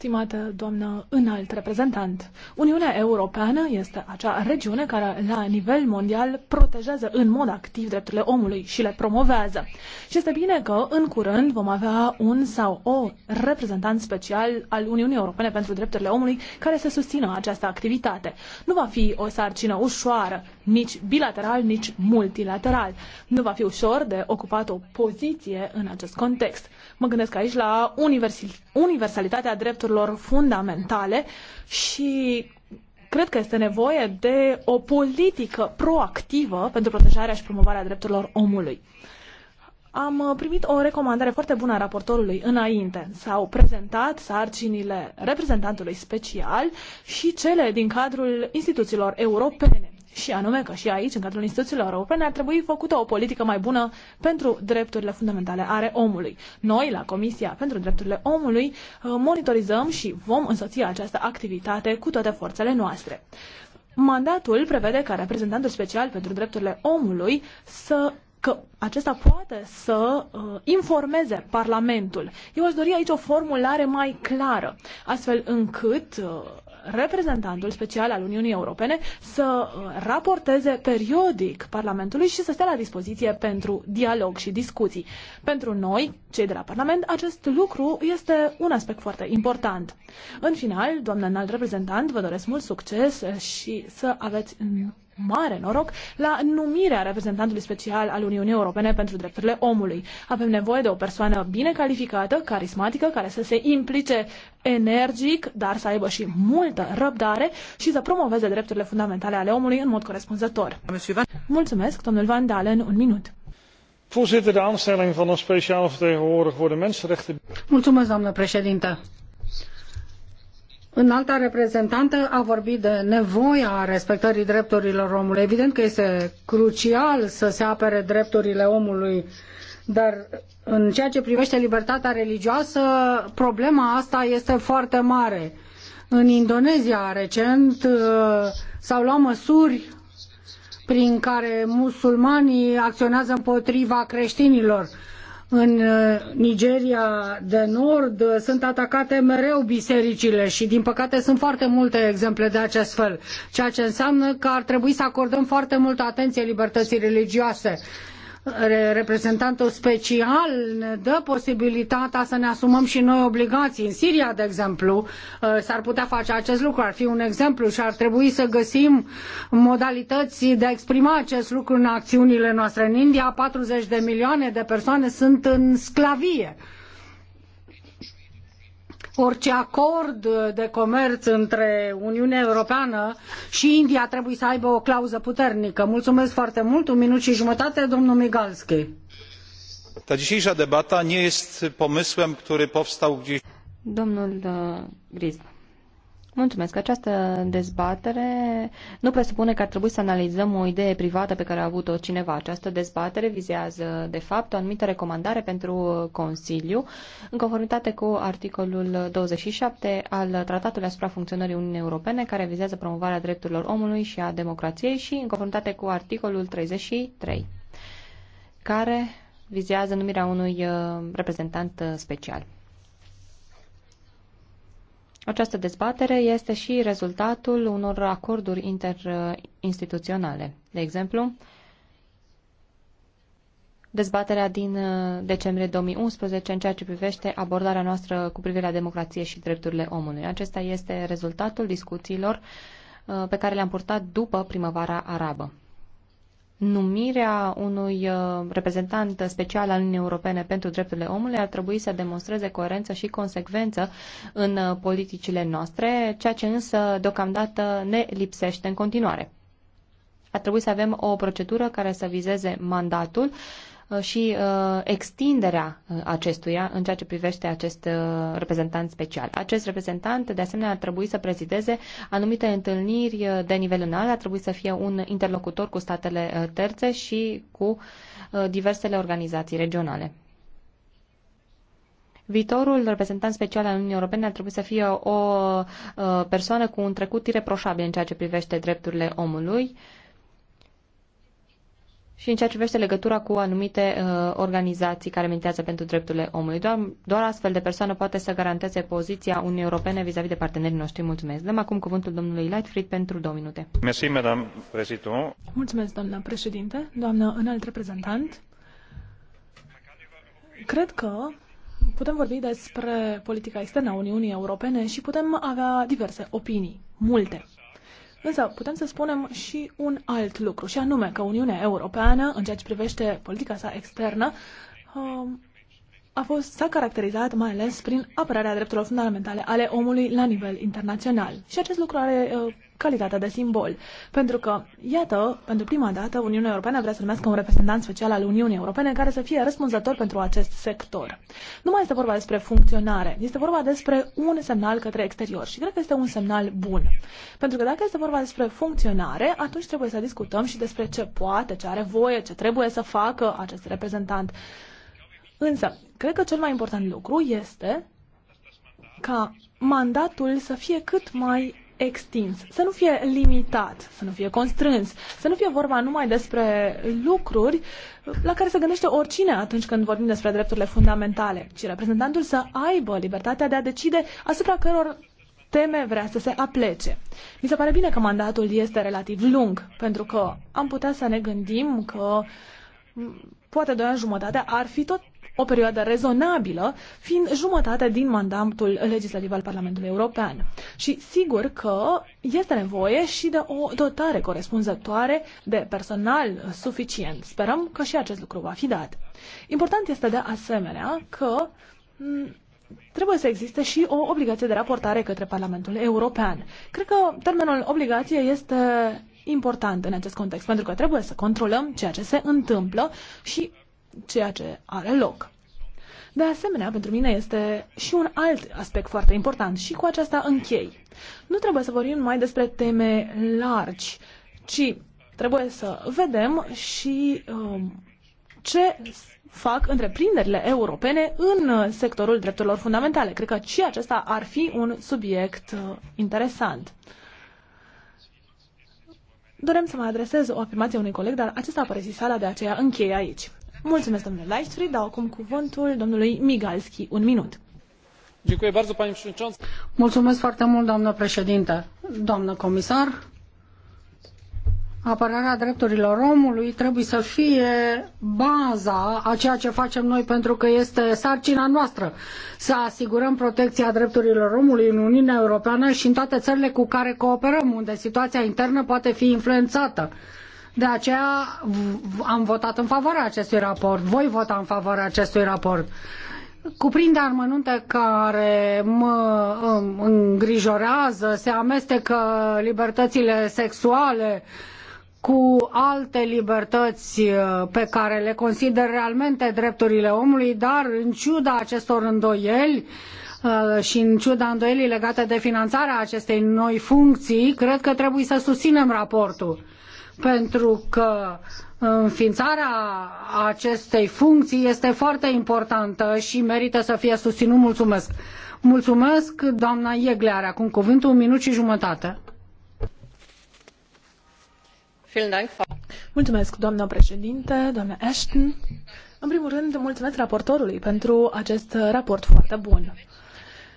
Stimată doamnă înalt reprezentant, Uniunea Europeană este acea regiune care, la nivel mondial, protejează în mod activ drepturile omului și le promovează. Și este bine că, în curând, vom avea un sau o reprezentant special al Uniunii Europene pentru drepturile omului care să susțină această activitate. Nu va fi o sarcină ușoară, nici bilateral, nici multilateral. Nu va fi ușor de ocupat o poziție în acest context. Mă gândesc aici la universalitatea drepturilor fundamentale și cred că este nevoie de o politică proactivă pentru protejarea și promovarea drepturilor omului. Am primit o recomandare foarte bună a raportorului înainte. S-au prezentat sarcinile reprezentantului special și cele din cadrul instituțiilor europene și anume că și aici, în cadrul instituțiilor europene, ar trebui făcută o politică mai bună pentru drepturile fundamentale ale omului. Noi, la Comisia pentru Drepturile Omului, uh, monitorizăm și vom însoți această activitate cu toate forțele noastre. Mandatul prevede ca reprezentantul special pentru drepturile omului să că acesta poate să uh, informeze Parlamentul. Eu aș dori aici o formulare mai clară, astfel încât uh, reprezentantul special al Uniunii Europene să uh, raporteze periodic Parlamentului și să stea la dispoziție pentru dialog și discuții. Pentru noi, cei de la Parlament, acest lucru este un aspect foarte important. În final, doamnă înalt reprezentant, vă doresc mult succes și să aveți mare noroc la numirea reprezentantului special al Uniunii Europene pentru drepturile omului. Avem nevoie de o persoană bine calificată, carismatică, care să se implice energic, dar să aibă și multă răbdare și să promoveze drepturile fundamentale ale omului în mod corespunzător. Mulțumesc, domnul Van Dalen, un minut. Voorzitter, de aanstelling van een speciale vertegenwoordiger voor de mensenrechten. Mulțumesc, doamnă președintă. Înalta reprezentantă a vorbit de nevoia respectării drepturilor omului. Evident că este crucial să se apere drepturile omului, dar în ceea ce privește libertatea religioasă, problema asta este foarte mare. În Indonezia, recent, uh, s-au luat măsuri prin care musulmanii acționează împotriva creștinilor în uh, Nigeria de Nord uh, sunt atacate mereu bisericile și din păcate sunt foarte multe exemple de acest fel, ceea ce înseamnă că ar trebui să acordăm foarte multă atenție libertății religioase reprezentantul special ne dă posibilitatea să ne asumăm și noi obligații. În Siria, de exemplu, uh, s-ar putea face acest lucru, ar fi un exemplu și ar trebui să găsim modalități de a exprima acest lucru în acțiunile noastre. În India, 40 de milioane de persoane sunt în sclavie. Orice acord de comerț între Uniunea Europeană și India trebuie să aibă o clauză puternică. Mulțumesc foarte mult. Un minut și jumătate, domnul Migalski. Ta dzisiejsza debata nie jest pomysłem, który powstał gdzieś... Domnul Mulțumesc. Această dezbatere nu presupune că ar trebui să analizăm o idee privată pe care a avut-o cineva. Această dezbatere vizează, de fapt, o anumită recomandare pentru Consiliu, în conformitate cu articolul 27 al Tratatului asupra funcționării Uniunii Europene, care vizează promovarea drepturilor omului și a democrației și în conformitate cu articolul 33, care vizează numirea unui uh, reprezentant uh, special. Această dezbatere este și rezultatul unor acorduri interinstituționale. De exemplu, dezbaterea din uh, decembrie 2011 în ceea ce privește abordarea noastră cu privire la democrație și drepturile omului. Acesta este rezultatul discuțiilor uh, pe care le-am purtat după primăvara arabă numirea unui uh, reprezentant special al Uniunii Europene pentru drepturile omului ar trebui să demonstreze coerență și consecvență în uh, politicile noastre, ceea ce însă deocamdată ne lipsește în continuare. Ar trebui să avem o procedură care să vizeze mandatul Uh, și uh, extinderea uh, acestuia în ceea ce privește acest reprezentant special. Acest reprezentant, de asemenea, ar trebui să prezideze anumite întâlniri de nivel înalt, ar trebui să fie un interlocutor cu statele terțe și cu diversele organizații regionale. Viitorul reprezentant special al Uniunii Europene ar trebui să fie o persoană cu un trecut ireproșabil în ceea ce privește drepturile omului, și în ceea ce privește legătura cu anumite uh, organizații care mintează pentru drepturile omului. Doar, doar astfel de persoană poate să garanteze poziția Uniunii Europene vis-a-vis -vis de partenerii noștri. Mulțumesc. Dăm acum cuvântul domnului Lightfried pentru două minute. Merci, madame president. Mulțumesc, doamna președinte, doamnă înalt reprezentant. Cred că putem vorbi despre politica externă a Uniunii Europene și putem avea diverse opinii, multe Însă putem să spunem și un alt lucru, și anume că Uniunea Europeană, în ceea ce privește politica sa externă, um, a fost, s-a caracterizat mai ales prin apărarea drepturilor fundamentale ale omului la nivel internațional. Și acest lucru are uh, calitatea de simbol. Pentru că, iată, pentru prima dată, Uniunea Europeană vrea să numească un reprezentant special al Uniunii Europene care să fie răspunzător pentru acest sector. Nu mai este vorba despre funcționare, este vorba despre un semnal către exterior și cred că este un semnal bun. Pentru că dacă este vorba despre funcționare, atunci trebuie să discutăm și despre ce poate, ce are voie, ce trebuie să facă acest reprezentant Însă, cred că cel mai important lucru este ca mandatul să fie cât mai extins, să nu fie limitat, să nu fie constrâns, să nu fie vorba numai despre lucruri la care se gândește oricine atunci când vorbim despre drepturile fundamentale, ci reprezentantul să aibă libertatea de a decide asupra căror teme vrea să se aplece. Mi se pare bine că mandatul este relativ lung, pentru că am putea să ne gândim că poate doi ani jumătate ar fi tot o perioadă rezonabilă, fiind jumătate din mandatul legislativ al Parlamentului European. Și sigur că este nevoie și de o dotare corespunzătoare de personal suficient. Sperăm că și acest lucru va fi dat. Important este de asemenea că trebuie să existe și o obligație de raportare către Parlamentul European. Cred că termenul obligație este important în acest context, pentru că trebuie să controlăm ceea ce se întâmplă și ceea ce are loc. De asemenea, pentru mine este și un alt aspect foarte important și cu aceasta închei. Nu trebuie să vorbim mai despre teme largi, ci trebuie să vedem și um, ce fac întreprinderile europene în sectorul drepturilor fundamentale. Cred că și acesta ar fi un subiect uh, interesant. Dorem să mă adresez o afirmație unui coleg, dar acesta a părăsit sala, de aceea închei aici. Mulțumesc, domnule Leichtfried, dau acum cuvântul domnului Migalski. Un minut. Mulțumesc foarte mult, doamnă președinte, doamnă comisar. Apărarea drepturilor omului trebuie să fie baza a ceea ce facem noi pentru că este sarcina noastră să asigurăm protecția drepturilor omului în Uniunea Europeană și în toate țările cu care cooperăm, unde situația internă poate fi influențată. De aceea am votat în favoarea acestui raport. Voi vota în favoarea acestui raport. Cuprinde armănunte care mă îngrijorează, se amestecă libertățile sexuale cu alte libertăți uh, pe care le consider realmente drepturile omului, dar în ciuda acestor îndoieli, uh, și în ciuda îndoielii legate de finanțarea acestei noi funcții, cred că trebuie să susținem raportul pentru că înființarea acestei funcții este foarte importantă și merită să fie susținut. Mulțumesc! Mulțumesc, doamna Iegle are acum cuvântul, un minut și jumătate. Mulțumesc, doamna președinte, doamna Ashton. În primul rând, mulțumesc raportorului pentru acest raport foarte bun.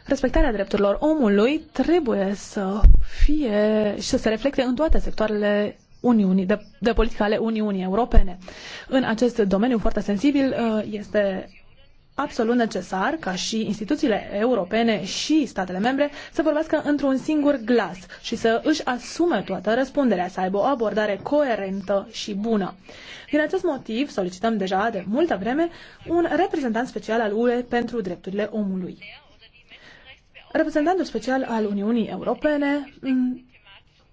Respectarea drepturilor omului trebuie să fie și să se reflecte în toate sectoarele Uniunii, de, de politică ale Uniunii Europene. În acest domeniu foarte sensibil uh, este absolut necesar ca și instituțiile europene și statele membre să vorbească într-un singur glas și să își asume toată răspunderea, să aibă o abordare coerentă și bună. Din acest motiv solicităm deja de multă vreme un reprezentant special al UE pentru drepturile omului. Reprezentantul special al Uniunii Europene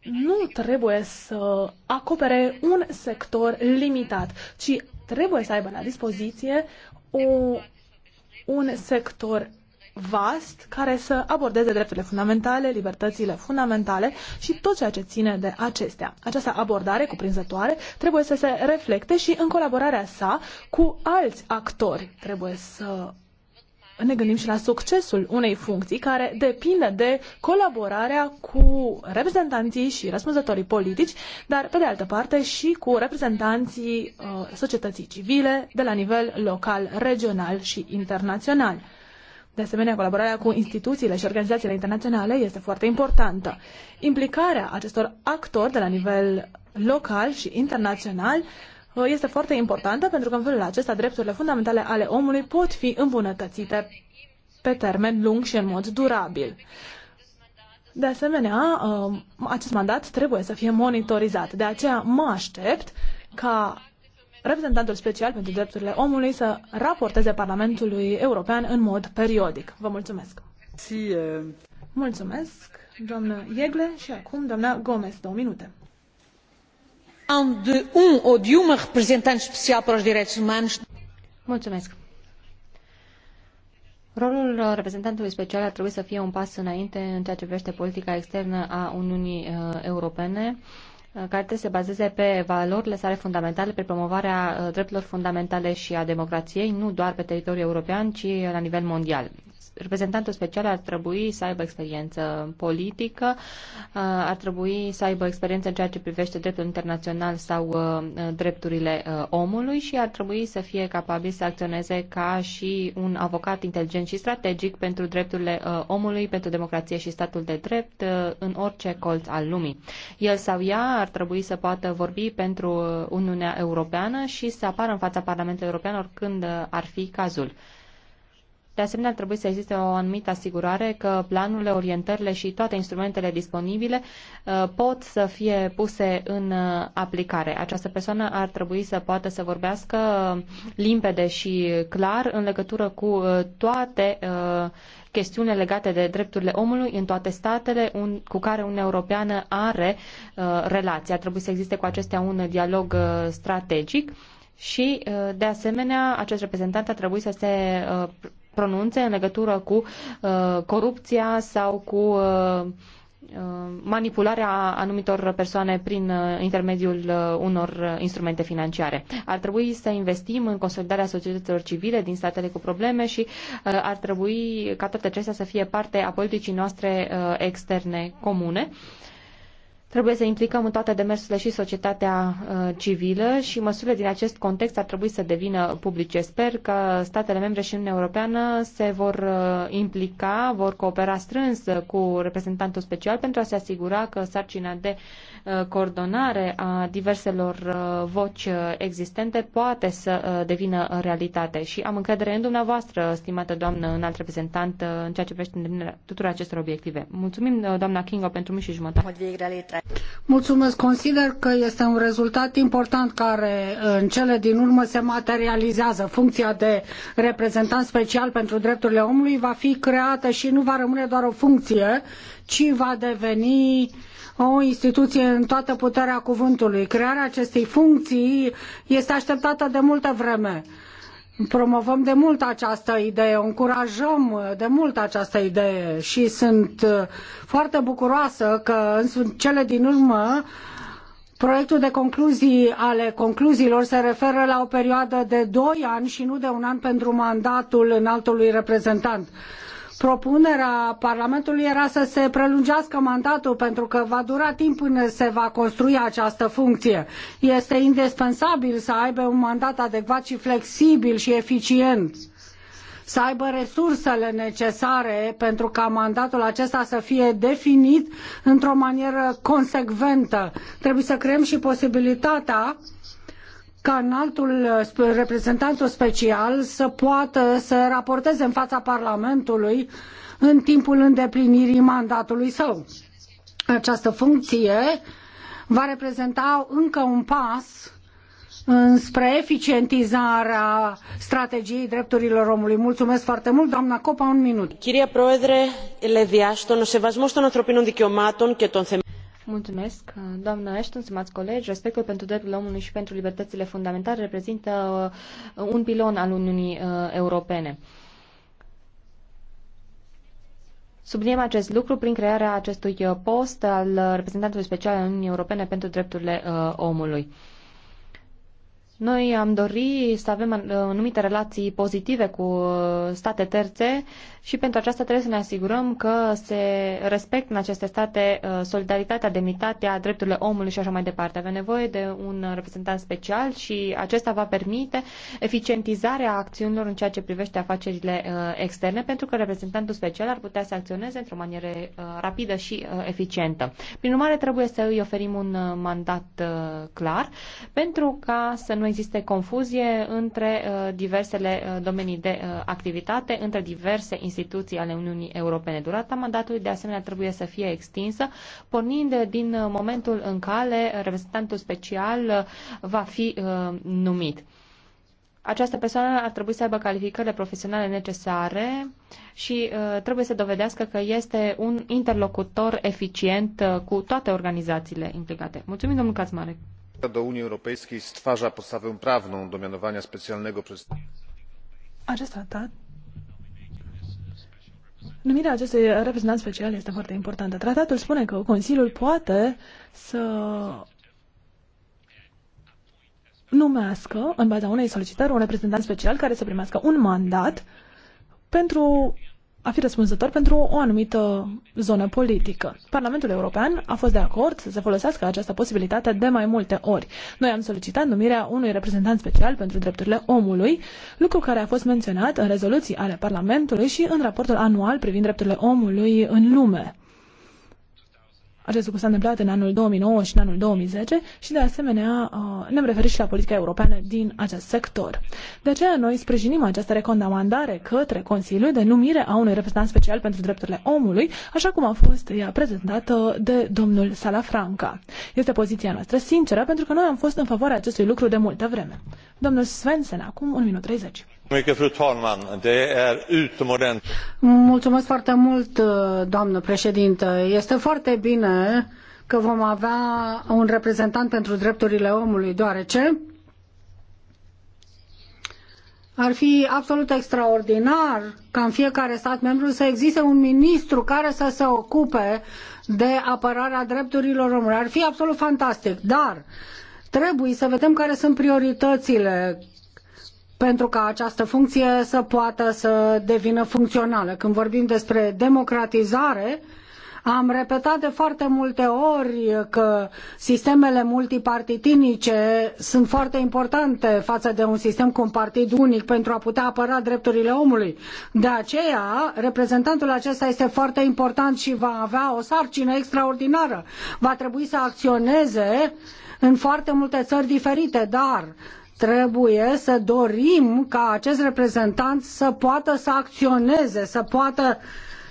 nu trebuie să acopere un sector limitat, ci trebuie să aibă la dispoziție o, un sector vast care să abordeze drepturile fundamentale, libertățile fundamentale și tot ceea ce ține de acestea. Această abordare cuprinzătoare trebuie să se reflecte și în colaborarea sa cu alți actori. Trebuie să ne gândim și la succesul unei funcții care depinde de colaborarea cu reprezentanții și răspunzătorii politici, dar pe de altă parte și cu reprezentanții uh, societății civile de la nivel local, regional și internațional. De asemenea, colaborarea cu instituțiile și organizațiile internaționale este foarte importantă. Implicarea acestor actori de la nivel local și internațional Uh, este foarte importantă pentru că în felul acesta drepturile fundamentale ale omului pot fi îmbunătățite pe termen lung și în mod durabil. De asemenea, um, acest mandat trebuie să fie monitorizat. De aceea mă aștept ca reprezentantul special pentru drepturile omului să raporteze Parlamentului European în mod periodic. Vă mulțumesc! Mulțumesc, doamnă Iegle, și acum doamna Gomez, două minute de de uma representante especial para Mulțumesc. Rolul reprezentantului special ar trebui să fie un pas înainte în ceea ce privește politica externă a Uniunii uh, Europene uh, care trebuie să se bazeze pe valorile sale fundamentale, pe promovarea uh, drepturilor fundamentale și a democrației, nu doar pe teritoriul european, ci la nivel mondial reprezentantul special ar trebui să aibă experiență politică, uh, ar trebui să aibă experiență în ceea ce privește dreptul internațional sau uh, drepturile uh, omului și ar trebui să fie capabil să acționeze ca și un avocat inteligent și strategic pentru drepturile omului, pentru democrație și statul de drept în orice colț al lumii. El sau ea ar trebui să poată vorbi pentru Uniunea Europeană și să apară în fața Parlamentului European oricând ar fi cazul. De asemenea, ar trebui să existe o anumită asigurare că planurile, orientările și toate instrumentele disponibile uh, pot să fie puse în uh, aplicare. Această persoană ar trebui să poată să vorbească uh, limpede și clar în legătură cu toate chestiunile legate de drepturile omului în toate statele cu care Uniunea Europeană are relații. Ar trebui să existe cu acestea un dialog strategic și, de asemenea, acest reprezentant ar trebui să se pronunțe în legătură cu uh, corupția sau cu uh, uh manipularea anumitor persoane prin uh, intermediul uh, unor instrumente financiare. Ar trebui să investim în consolidarea societăților civile din statele cu probleme și ar trebui ca toate acestea să fie parte a politicii noastre externe comune Trebuie să implicăm în toate demersurile și societatea uh, civilă și măsurile din acest context ar trebui să devină publice. Sper că statele membre și Uniunea Europeană se vor uh, implica, vor coopera strâns cu reprezentantul special pentru a se asigura că sarcina de uh, Uh, coordonare a diverselor uh, voci uh, existente poate să devină realitate. Și am încredere în dumneavoastră, stimată doamnă înalt reprezentant, în ceea ce privește îndeplinirea tuturor acestor obiective. Mulțumim, doamna Kingo, pentru mii și jumătate. Mulțumesc. Consider că este un rezultat important care în cele din urmă se materializează. Funcția de reprezentant special pentru drepturile omului va fi creată și nu va rămâne doar o funcție, ci va deveni o instituție în toată puterea cuvântului. Crearea acestei funcții este așteptată de multă vreme promovăm de mult această idee, o încurajăm de mult această idee și sunt uh, foarte bucuroasă că în cele din urmă Proiectul de concluzii ale concluziilor se referă la o perioadă de doi ani și nu de un an pentru mandatul înaltului reprezentant. Propunerea Parlamentului era să se prelungească mandatul pentru că va dura timp până se va construi această funcție. Este indispensabil să aibă un mandat adecvat și flexibil și eficient să aibă resursele necesare pentru ca mandatul acesta să fie definit într-o manieră consecventă. Trebuie să creăm și posibilitatea uh, ca înaltul uh, reprezentantul special să poată să raporteze în fața Parlamentului în timpul îndeplinirii mandatului său. Această funcție va reprezenta încă un pas spre eficientizarea strategiei drepturilor omului. Mulțumesc foarte mult, doamna Copa, un minut. Chiria Proedre, Lediaston, Sevasmos των Ανθρωπίνων Δικαιωμάτων Mulțumesc, doamna Ashton, stimați colegi. Respectul pentru drepturile omului și pentru libertățile fundamentale reprezintă uh, un pilon al Uniunii uh, Europene. Subliniem acest lucru prin crearea acestui uh, post al reprezentantului special al Uniunii Europene pentru drepturile omului. Noi am dori să avem anumite relații pozitive cu state terțe și pentru aceasta trebuie să ne asigurăm că se respectă în aceste state uh, solidaritatea, demnitatea, drepturile omului și așa mai departe. Avem nevoie de un reprezentant special și acesta va permite eficientizarea acțiunilor în ceea ce privește afacerile uh, externe, pentru că reprezentantul special ar putea să acționeze într-o manieră uh, rapidă și eficientă. Prin urmare, trebuie să îi oferim un mandat clar pentru ca să nu existe confuzie între diversele domenii de activitate, între diverse instituții instituții ale Uniunii Europene. Durata mandatului, de asemenea, trebuie să fie extinsă, pornind din momentul în care reprezentantul special uh, va fi uh, numit. Această persoană ar trebui să aibă calificările profesionale necesare și uh, trebuie să dovedească că este un interlocutor eficient uh, cu toate organizațiile implicate. Mulțumim, domnul Cazmare. Do Unii Europejskiej stwarza podstawę prawną do mianowania specjalnego przez... Acest tratat Numirea acestui reprezentant special este foarte importantă. Tratatul spune că Consiliul poate să numească, în baza unei solicitări, un reprezentant special care să primească un mandat pentru a fi răspunzător pentru o anumită zonă politică. Parlamentul European a fost de acord să se folosească această posibilitate de mai multe ori. Noi am solicitat numirea unui reprezentant special pentru drepturile omului, lucru care a fost menționat în rezoluții ale Parlamentului și în raportul anual privind drepturile omului în lume. Acest lucru s-a întâmplat în anul 2009 și în anul 2010 și, de asemenea, uh, ne-am referit și la politica europeană din acest sector. De aceea, noi sprijinim această recomandare către Consiliul de numire a unui reprezentant special pentru drepturile omului, așa cum a fost ea prezentată de domnul Salafranca. Este poziția noastră sinceră, pentru că noi am fost în favoarea acestui lucru de multă vreme. Domnul Svensson, acum 1 minut 30. Mulțumesc foarte mult, doamnă președintă. Este foarte bine că vom avea un reprezentant pentru drepturile omului, deoarece ar fi absolut extraordinar ca în fiecare stat membru să existe un ministru care să se ocupe de apărarea drepturilor omului. Ar fi absolut fantastic, dar trebuie să vedem care sunt prioritățile, pentru ca această funcție să poată să devină funcțională. Când vorbim despre democratizare, am repetat de foarte multe ori că sistemele multipartitinice sunt foarte importante față de un sistem cu un partid unic pentru a putea apăra drepturile omului. De aceea, reprezentantul acesta este foarte important și va avea o sarcină extraordinară. Va trebui să acționeze în foarte multe țări diferite, dar Trebuie să dorim ca acest reprezentant să poată să acționeze, să poată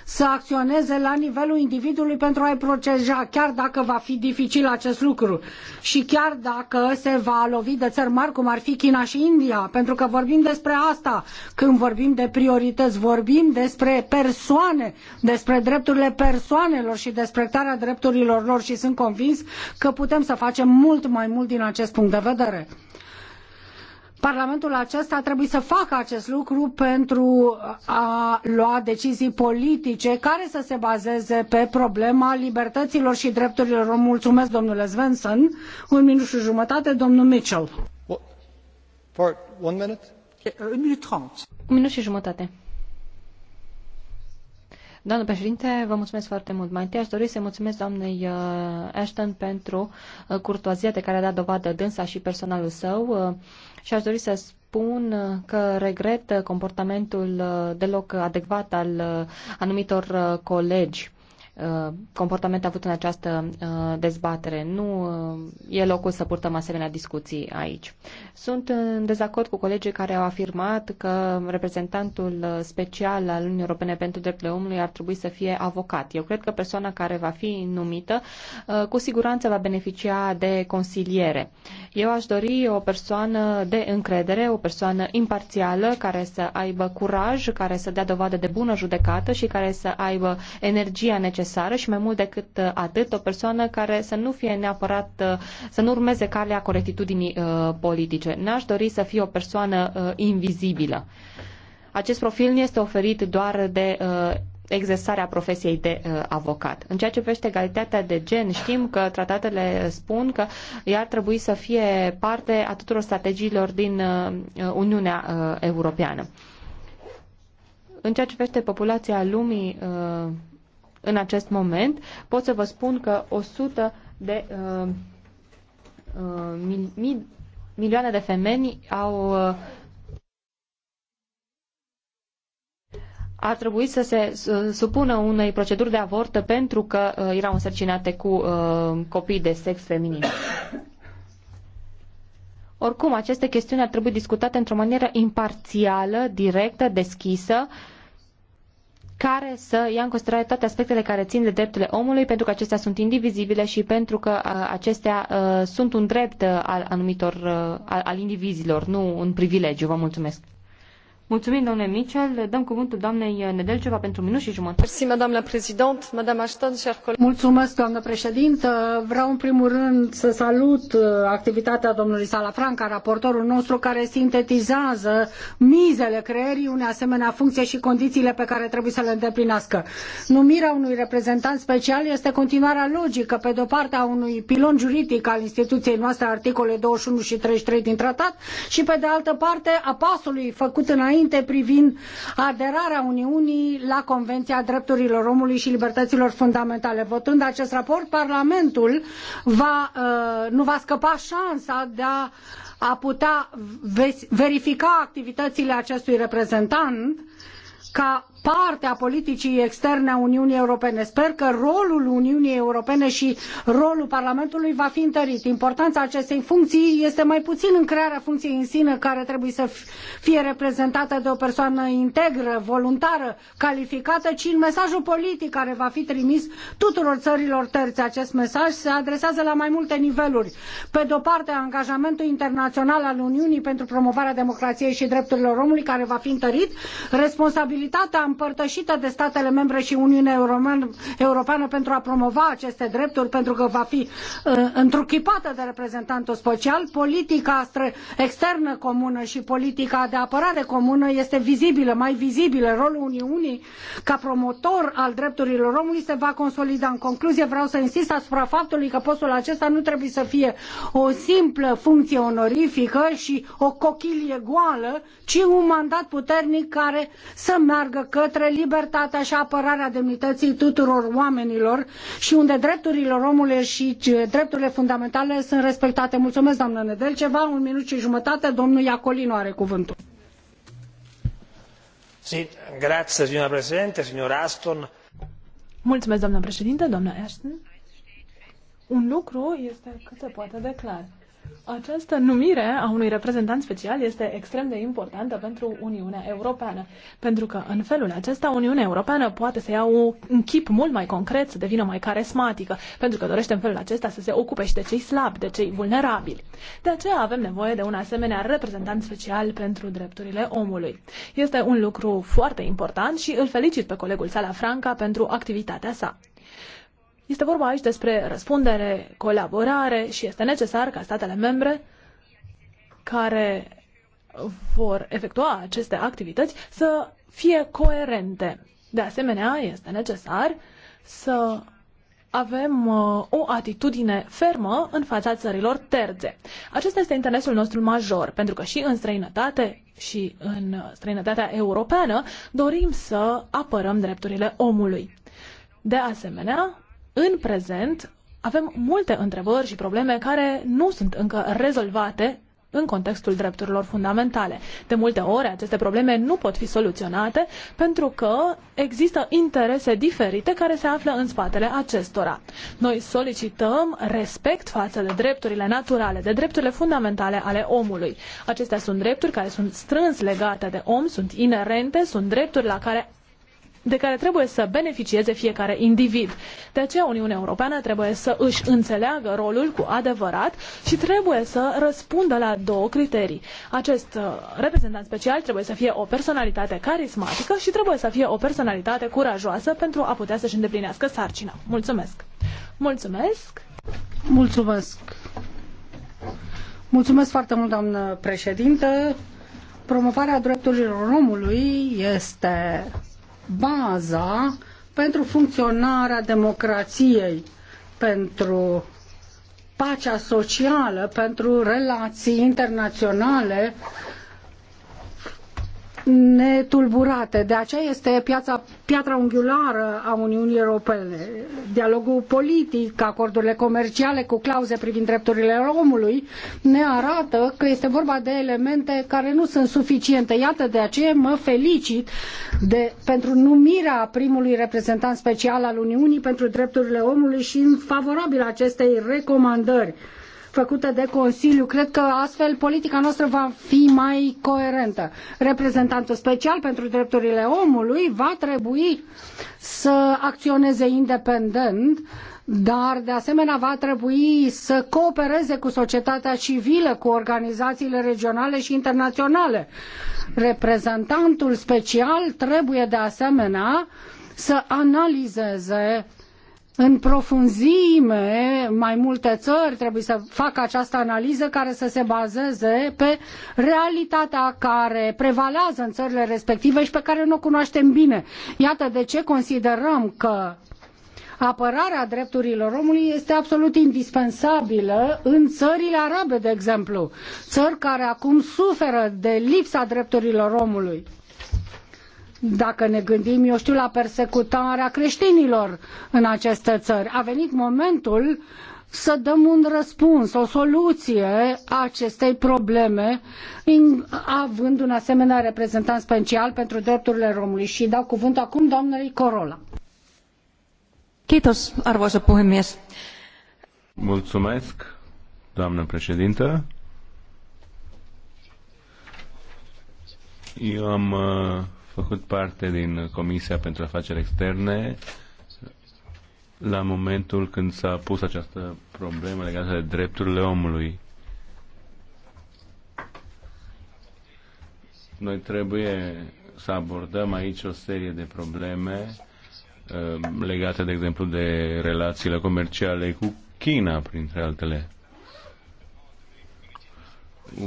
să acționeze la nivelul individului pentru a-i proteja, chiar dacă va fi dificil acest lucru și chiar dacă se va lovi de țări mari cum ar fi China și India, pentru că vorbim despre asta când vorbim de priorități, vorbim despre persoane, despre drepturile persoanelor și respectarea drepturilor lor și sunt convins că putem să facem mult mai mult din acest punct de vedere. Parlamentul acesta trebuie să facă acest lucru pentru a lua decizii politice care să se bazeze pe problema libertăților și drepturilor. Mulțumesc, domnule Svensson. Un minut și jumătate, domnul Mitchell. For one minute? Un minut, și jumătate. Doamnă președinte, vă mulțumesc foarte mult. Mai întâi aș dori să mulțumesc doamnei uh, Ashton pentru uh, curtoazia de care a dat dovadă dânsa și personalul său uh, și aș dori să spun că regret comportamentul deloc adecvat al anumitor colegi Uh, comportament avut în această uh, dezbatere. Nu uh, e locul să purtăm asemenea discuții aici. Sunt în dezacord cu colegii care au afirmat că reprezentantul special al Uniunii Europene pentru Drepturile Omului ar trebui să fie avocat. Eu cred că persoana care va fi numită cu siguranță va beneficia de consiliere. Eu aș dori o persoană de încredere, o persoană imparțială care să aibă curaj, care să dea dovadă de bună judecată și care să aibă energia necesară necesară și mai mult decât uh, atât o persoană care să nu fie neapărat, uh, să nu urmeze calea corectitudinii uh, politice. N-aș dori să fie o persoană invizibilă. Acest profil nu este oferit doar de exersarea profesiei de uh, avocat. În ceea ce privește egalitatea de gen, știm că tratatele spun că ea ar trebui să fie parte a tuturor strategiilor din uh, Uniunea uh, Europeană. În ceea ce privește populația lumii, uh, în acest moment, pot să vă spun că 100 de uh, uh, mil, mil, milioane de femei au uh, ar trebui să se supună unei proceduri de avort pentru că uh, erau însărcinate cu uh, copii de sex feminin. Oricum, aceste chestiuni ar trebui discutate într-o manieră imparțială, directă, deschisă uh, care să ia în considerare toate aspectele care țin de drepturile omului, pentru că acestea sunt indivizibile și pentru că uh, acestea uh, sunt un drept uh, al anumitor, al, al indivizilor, nu un privilegiu. Vă mulțumesc! Mulțumim, domnule Mitchell. Dăm cuvântul doamnei Nedelceva pentru minut și jumătate. Mulțumesc, doamnă președintă. Vreau în primul rând să salut uh, activitatea domnului Salafranca, raportorul nostru, care sintetizează mizele creării unei asemenea funcție și condițiile pe care trebuie să le îndeplinească. Numirea unui reprezentant special este continuarea logică, pe de-o parte, a unui pilon juridic al instituției noastre, articole 21 și 33 din tratat, și pe de altă parte, a pasului făcut înainte înainte privind aderarea Uniunii la Convenția Drepturilor Omului și Libertăților Fundamentale. Votând acest raport, Parlamentul va, uh, nu va scăpa șansa de a, a putea verifica activitățile acestui reprezentant ca parte a politicii externe a Uniunii Europene. Sper că rolul Uniunii Europene și rolul Parlamentului va fi întărit. Importanța acestei funcții este mai puțin în crearea funcției în sine, care trebuie să fie reprezentată de o persoană integră, voluntară, calificată, ci în mesajul politic care va fi trimis tuturor țărilor terțe. Acest mesaj se adresează la mai multe niveluri. Pe de o parte, angajamentul internațional al Uniunii pentru promovarea democrației și drepturilor omului, care va fi întărit, responsabilitatea împărtășită de statele membre și Uniunea Europeană, Europeană pentru a promova aceste drepturi, pentru că va fi uh, întruchipată de reprezentantul special. Politica externă comună și politica de apărare comună este vizibilă, mai vizibilă. Rolul Uniunii ca promotor al drepturilor omului se va consolida. În concluzie, vreau să insist asupra faptului că postul acesta nu trebuie să fie o simplă funcție onorifică și o cochilie goală, ci un mandat puternic care să meargă că către libertatea și apărarea demnității tuturor oamenilor și unde drepturile omului și drepturile fundamentale sunt respectate. Mulțumesc, doamnă Nedelceva. Un minut și jumătate, domnul Iacolino are cuvântul. Sí, grazie, signora Presidente, signora Aston. Mulțumesc, doamnă președinte, doamnă Ashton. Un lucru este cât se poate de clar. Această numire a unui reprezentant special este extrem de importantă pentru Uniunea Europeană, pentru că în felul acesta Uniunea Europeană poate să ia un chip mult mai concret, să devină mai carismatică, pentru că dorește în felul acesta să se ocupe și de cei slabi, de cei vulnerabili. De aceea avem nevoie de un asemenea reprezentant special pentru drepturile omului. Este un lucru foarte important și îl felicit pe colegul Sala Franca pentru activitatea sa. Este vorba aici despre răspundere, colaborare și este necesar ca statele membre care vor efectua aceste activități să fie coerente. De asemenea, este necesar să avem uh, o atitudine fermă în fața țărilor terze. Acesta este interesul nostru major, pentru că și în străinătate și în străinătatea europeană dorim să apărăm drepturile omului. De asemenea, în prezent avem multe întrebări și probleme care nu sunt încă rezolvate în contextul drepturilor fundamentale. De multe ori aceste probleme nu pot fi soluționate pentru că există interese diferite care se află în spatele acestora. Noi solicităm respect față de drepturile naturale, de drepturile fundamentale ale omului. Acestea sunt drepturi care sunt strâns legate de om, sunt inerente, sunt drepturi la care de care trebuie să beneficieze fiecare individ. De aceea Uniunea Europeană trebuie să își înțeleagă rolul cu adevărat și trebuie să răspundă la două criterii. Acest uh, reprezentant special trebuie să fie o personalitate carismatică și trebuie să fie o personalitate curajoasă pentru a putea să-și îndeplinească sarcina. Mulțumesc! Mulțumesc! Mulțumesc! Mulțumesc foarte mult, doamnă președintă! Promovarea drepturilor omului este baza pentru funcționarea democrației, pentru pacea socială, pentru relații internaționale netulburate. De aceea este piața, piatra unghiulară a Uniunii Europene. Dialogul politic, acordurile comerciale cu clauze privind drepturile omului ne arată că este vorba de elemente care nu sunt suficiente. Iată de aceea mă felicit de, pentru numirea primului reprezentant special al Uniunii pentru drepturile omului și în favorabil acestei recomandări făcute de Consiliu. Cred că astfel politica noastră va fi mai coerentă. Reprezentantul special pentru drepturile omului va trebui să acționeze independent dar de asemenea va trebui să coopereze cu societatea civilă, cu organizațiile regionale și internaționale. Reprezentantul special trebuie de asemenea să analizeze în profunzime mai multe țări trebuie să facă această analiză care să se bazeze pe realitatea care prevalează în țările respective și pe care nu o cunoaștem bine. Iată de ce considerăm că apărarea drepturilor omului este absolut indispensabilă în țările arabe, de exemplu, țări care acum suferă de lipsa drepturilor omului. Dacă ne gândim, eu știu, la persecutarea creștinilor în aceste țări, a venit momentul să dăm un răspuns, o soluție acestei probleme, având un asemenea reprezentant special pentru drepturile omului. Și dau cuvânt acum doamnei Corola. Kiitos, arvoisa puhemies. Mulțumesc, doamnă președintă. Eu am uh, făcut parte din Comisia pentru Afaceri Externe la momentul când s-a pus această problemă legată de drepturile omului. Noi trebuie să abordăm aici o serie de probleme uh, legate, de exemplu, de relațiile comerciale cu China, printre altele.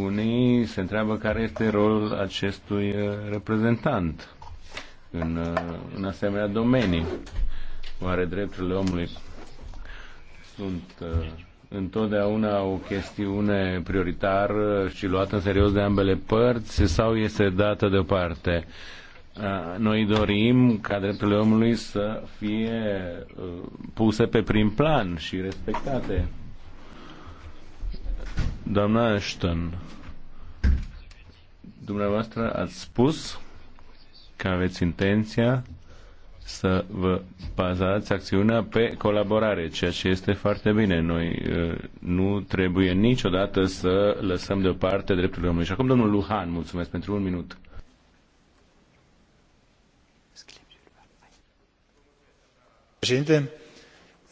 Unii se întreabă care este rolul acestui uh, reprezentant în, uh, în asemenea domenii. Oare drepturile omului sunt uh, întotdeauna o chestiune prioritară și luată în serios de ambele părți sau este dată deoparte? Uh, noi dorim ca drepturile omului să fie puse pe prim plan și respectate. Doamna Ashton, dumneavoastră ați spus că aveți intenția să vă bazați acțiunea pe colaborare, ceea ce este foarte bine. Noi uh, nu trebuie niciodată să lăsăm deoparte drepturile omului. Și acum, domnul Luhan, mulțumesc pentru un minut. Președinte,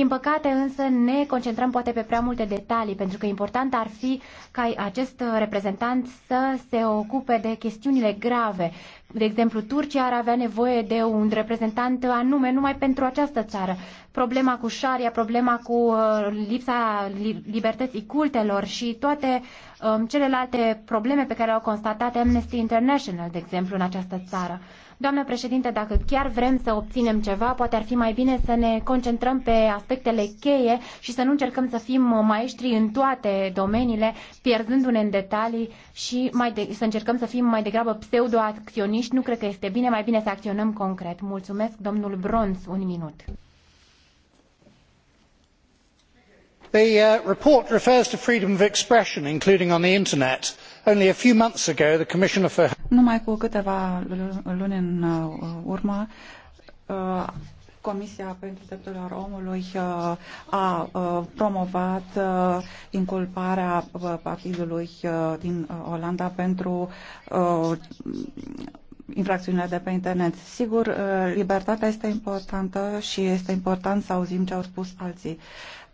Din păcate însă ne concentrăm poate pe prea multe detalii, pentru că important ar fi ca acest reprezentant să se ocupe de chestiunile grave. De exemplu, Turcia ar avea nevoie de un reprezentant anume numai pentru această țară. Problema cu șaria, problema cu uh, lipsa libertății cultelor și toate um, celelalte probleme pe care le-au constatat Amnesty International, de exemplu, în această țară. Doamnă președinte, dacă chiar vrem să obținem ceva, poate ar fi mai bine să ne concentrăm pe aspectele cheie și să nu încercăm să fim maestri în toate domeniile, pierzându-ne în detalii și mai de- să încercăm să fim mai degrabă pseudo-acționiști. Nu cred că este bine, mai bine să acționăm concret. Mulțumesc, domnul Bronz, un minut. The uh, report refers to freedom of expression, including on the internet numai cu câteva luni în uh, urmă, uh, Comisia pentru Drepturile Omului uh, a promovat inculparea partidului din Olanda pentru infracțiunile de pe internet. Sigur, libertatea este importantă și este important să auzim ce au spus alții.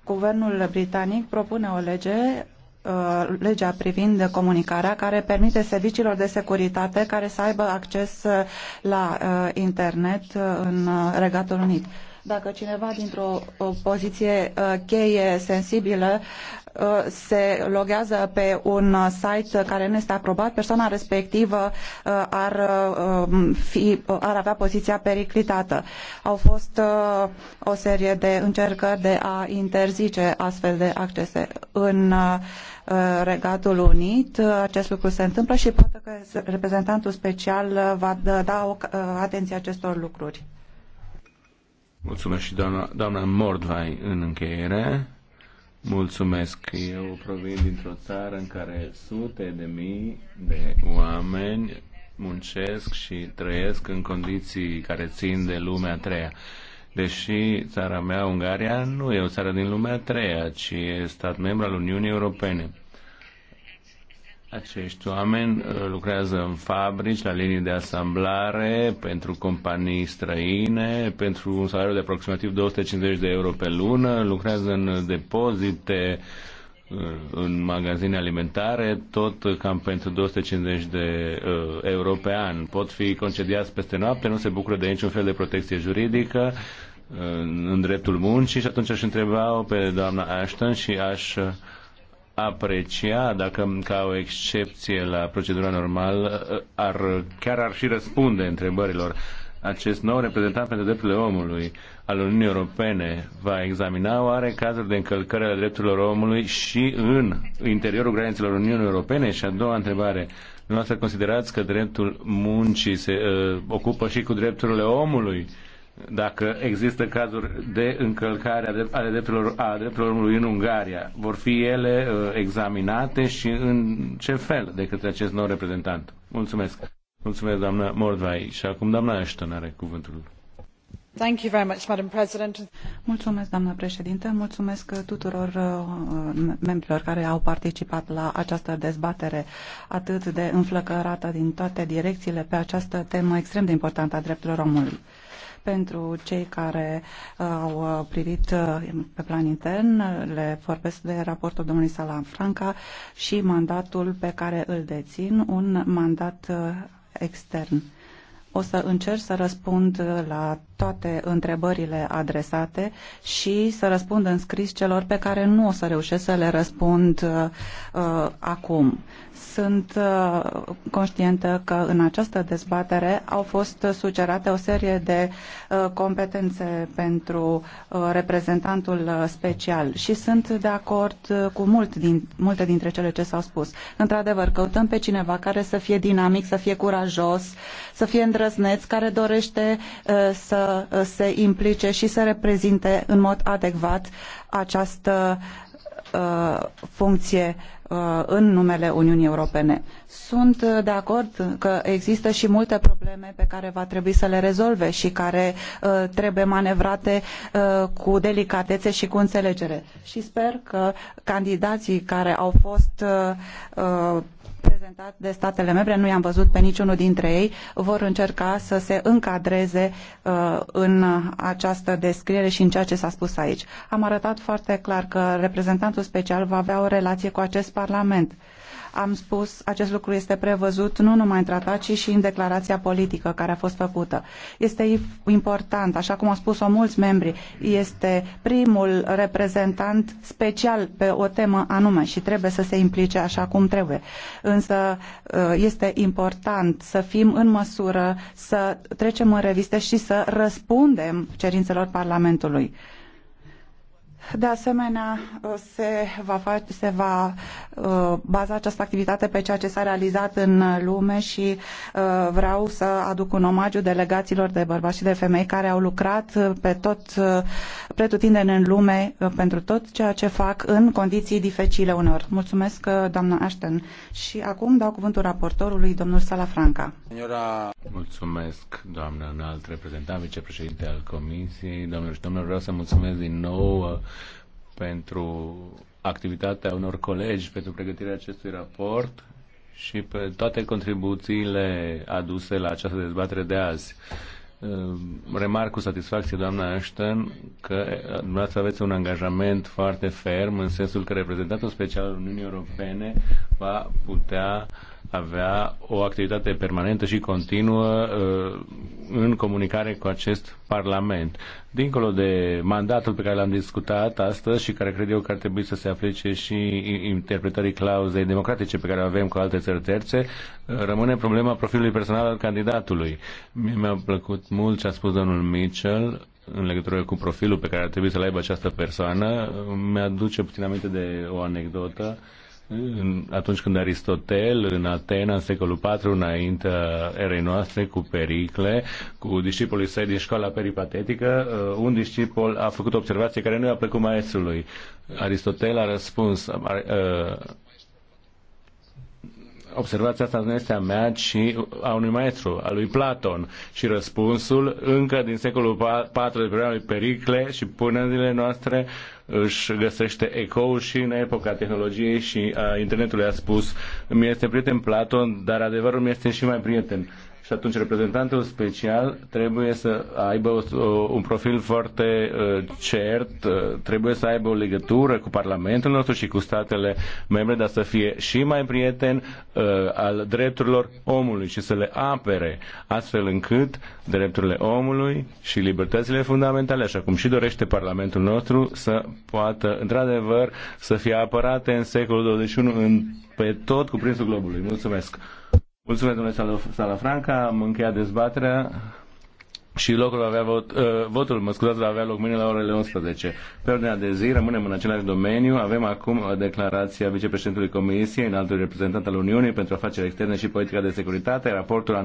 Guvernul britanic propune o lege Uh, legea privind comunicarea care permite serviciilor de securitate care să aibă acces uh, la uh, internet în Regatul Unit. Dacă cineva dintr-o poziție uh, cheie sensibilă uh, se loghează pe un uh, site care nu este aprobat, persoana respectivă ar, um, fi, ar avea poziția periclitată. Au fost o serie de încercări de a interzice astfel de accese în Regatul Unit. Acest lucru se întâmplă și poate că reprezentantul special va da atenție acestor lucruri. Mulțumesc și doamna, doamna Mordvai în încheiere. Mulțumesc. Eu provin dintr-o țară în care sute de mii de oameni muncesc și trăiesc în condiții care țin de lumea a treia. Deși țara mea, Ungaria, nu e o țară din lumea a treia, ci e stat membru al Uniunii Europene. Acești oameni uh, lucrează în fabrici, la linii de asamblare, pentru companii străine, pentru un salariu de aproximativ 250 de euro pe lună, lucrează în depozite, uh, în magazine alimentare, tot cam pentru 250 de uh, euro pe an. Pot fi concediați peste noapte, nu se bucură de niciun fel de protecție juridică în dreptul muncii și atunci aș întreba-o pe doamna Ashton și aș aprecia dacă ca o excepție la procedura normală ar, chiar ar și răspunde întrebărilor. Acest nou reprezentant pentru drepturile omului al Uniunii Europene va examina oare cazuri de încălcări ale drepturilor omului și în interiorul granițelor Uniunii Europene? Și a doua întrebare, dumneavoastră considerați că dreptul muncii se uh, ocupă și cu drepturile omului? Uh, dacă există cazuri de încălcare ale drepturilor, a drepturilor omului în Ungaria. Vor fi ele uh, examinate și în ce fel de către acest nou reprezentant? Mulțumesc. Mulțumesc, doamnă Mordvai. Și acum doamna Ashton are cuvântul. Mulțumesc, doamnă președinte. Mulțumesc tuturor uh, membrilor care au participat la această dezbatere atât de înflăcărată din toate direcțiile pe această temă extrem de importantă a drepturilor omului pentru cei care uh, au privit uh, pe plan intern, le vorbesc de raportul domnului Salam Franca și mandatul pe care îl dețin, un mandat extern. O să încerc să răspund uh, la toate întrebările adresate și să răspund în scris celor pe care nu o să reușesc să le răspund uh, uh acum. Sunt uh, conștientă că în această dezbatere au fost sugerate o serie de uh, competențe pentru uh, reprezentantul special și sunt de acord cu mult din, multe dintre cele ce s-au spus. Într-adevăr, căutăm pe cineva care să fie dinamic, să fie curajos, să fie îndrăzneț, care dorește să se implice și să reprezinte în mod adecvat această Uh, funcție uh, în numele Uniunii Europene. Sunt uh, de acord că există și multe probleme pe care va trebui să le rezolve și care trebuie manevrate cu delicatețe și cu înțelegere. Și sper că candidații care au fost prezentat de statele membre, nu i-am văzut pe niciunul dintre ei, vor încerca să se încadreze uh, în această descriere și în ceea ce s-a spus aici. Am arătat foarte clar că reprezentantul special va avea o relație cu acest Parlament. Uh, am spus, acest lucru este prevăzut nu numai în tratat, ci și în declarația politică care a fost făcută. Este important, așa cum au spus-o mulți membri, este primul reprezentant special pe o temă anume și trebuie să se implice așa cum trebuie. Însă uh, este important să fim în măsură să trecem în revistă și să răspundem cerințelor Parlamentului. De asemenea, uh, se va, face, se va uh, baza această activitate pe ceea ce s-a realizat în lume și uh, vreau să aduc un omagiu delegaților de bărbați și de femei care au lucrat pe tot, pretutindeni în lume pentru tot ceea ce fac în condiții dificile unor. Mulțumesc, doamna Ashton. Și acum dau cuvântul raportorului, domnul Salafranca. Signora... Mulțumesc, doamna înalt reprezentant, vicepreședinte al Comisiei. Domnul și domnul, vreau să mulțumesc din nou pentru activitatea unor colegi pentru pregătirea acestui raport și pe toate contribuțiile aduse la această dezbatere de azi. Remarc cu satisfacție, doamna Ashton, că eh, dumneavoastră aveți un angajament foarte ferm în sensul că reprezentantul special al Uniunii Europene va putea uh, avea o activitate permanentă și continuă uh, în comunicare cu acest Parlament. Dincolo de mandatul pe care l-am discutat astăzi și care cred eu că ar trebui să se aplice și interpretării clauzei democratice pe care o avem cu alte țări terțe, uh, rămâne problema profilului personal al candidatului. Mie mi-a plăcut mult ce a spus domnul Mitchell în legătură cu profilul pe care ar trebui să-l aibă această persoană. Mi-aduce puțin aminte de o anecdotă atunci când Aristotel în Atena, în secolul IV, înainte erei noastre, cu Pericle, cu discipolii săi din școala peripatetică, uh, un discipol a făcut observație care nu i-a plăcut maestrului. Aristotel a răspuns, uh, observația asta nu este a mea, ci a unui maestru, a lui Platon. Și răspunsul, încă din secolul IV, de lui Pericle și până în zilele noastre, uh, își găsește ecou și în epoca tehnologiei și a internetului a spus mi este prieten Platon, dar adevărul mi este și mai prieten. Și atunci reprezentantul special trebuie să aibă un profil foarte uh, cert, uh, trebuie să aibă o legătură cu Parlamentul nostru și cu statele membre, dar să fie și mai prieten uh, al drepturilor omului și să le apere, astfel încât drepturile omului și libertățile fundamentale, așa cum și dorește Parlamentul nostru, să poată, într-adevăr, să fie apărate în secolul 21 în, pe tot cuprinsul globului. Mulțumesc! Mulțumesc, domnule Salafranca. Am încheiat dezbaterea și locul va avea vot, uh, votul, mă scuzați, va avea loc mâine la orele 11. Pe ordinea de zi, rămânem în același domeniu. Avem acum declarația vicepreședintului Comisiei, în altul reprezentant al Uniunii pentru afaceri externe și politica de securitate, raportul anual.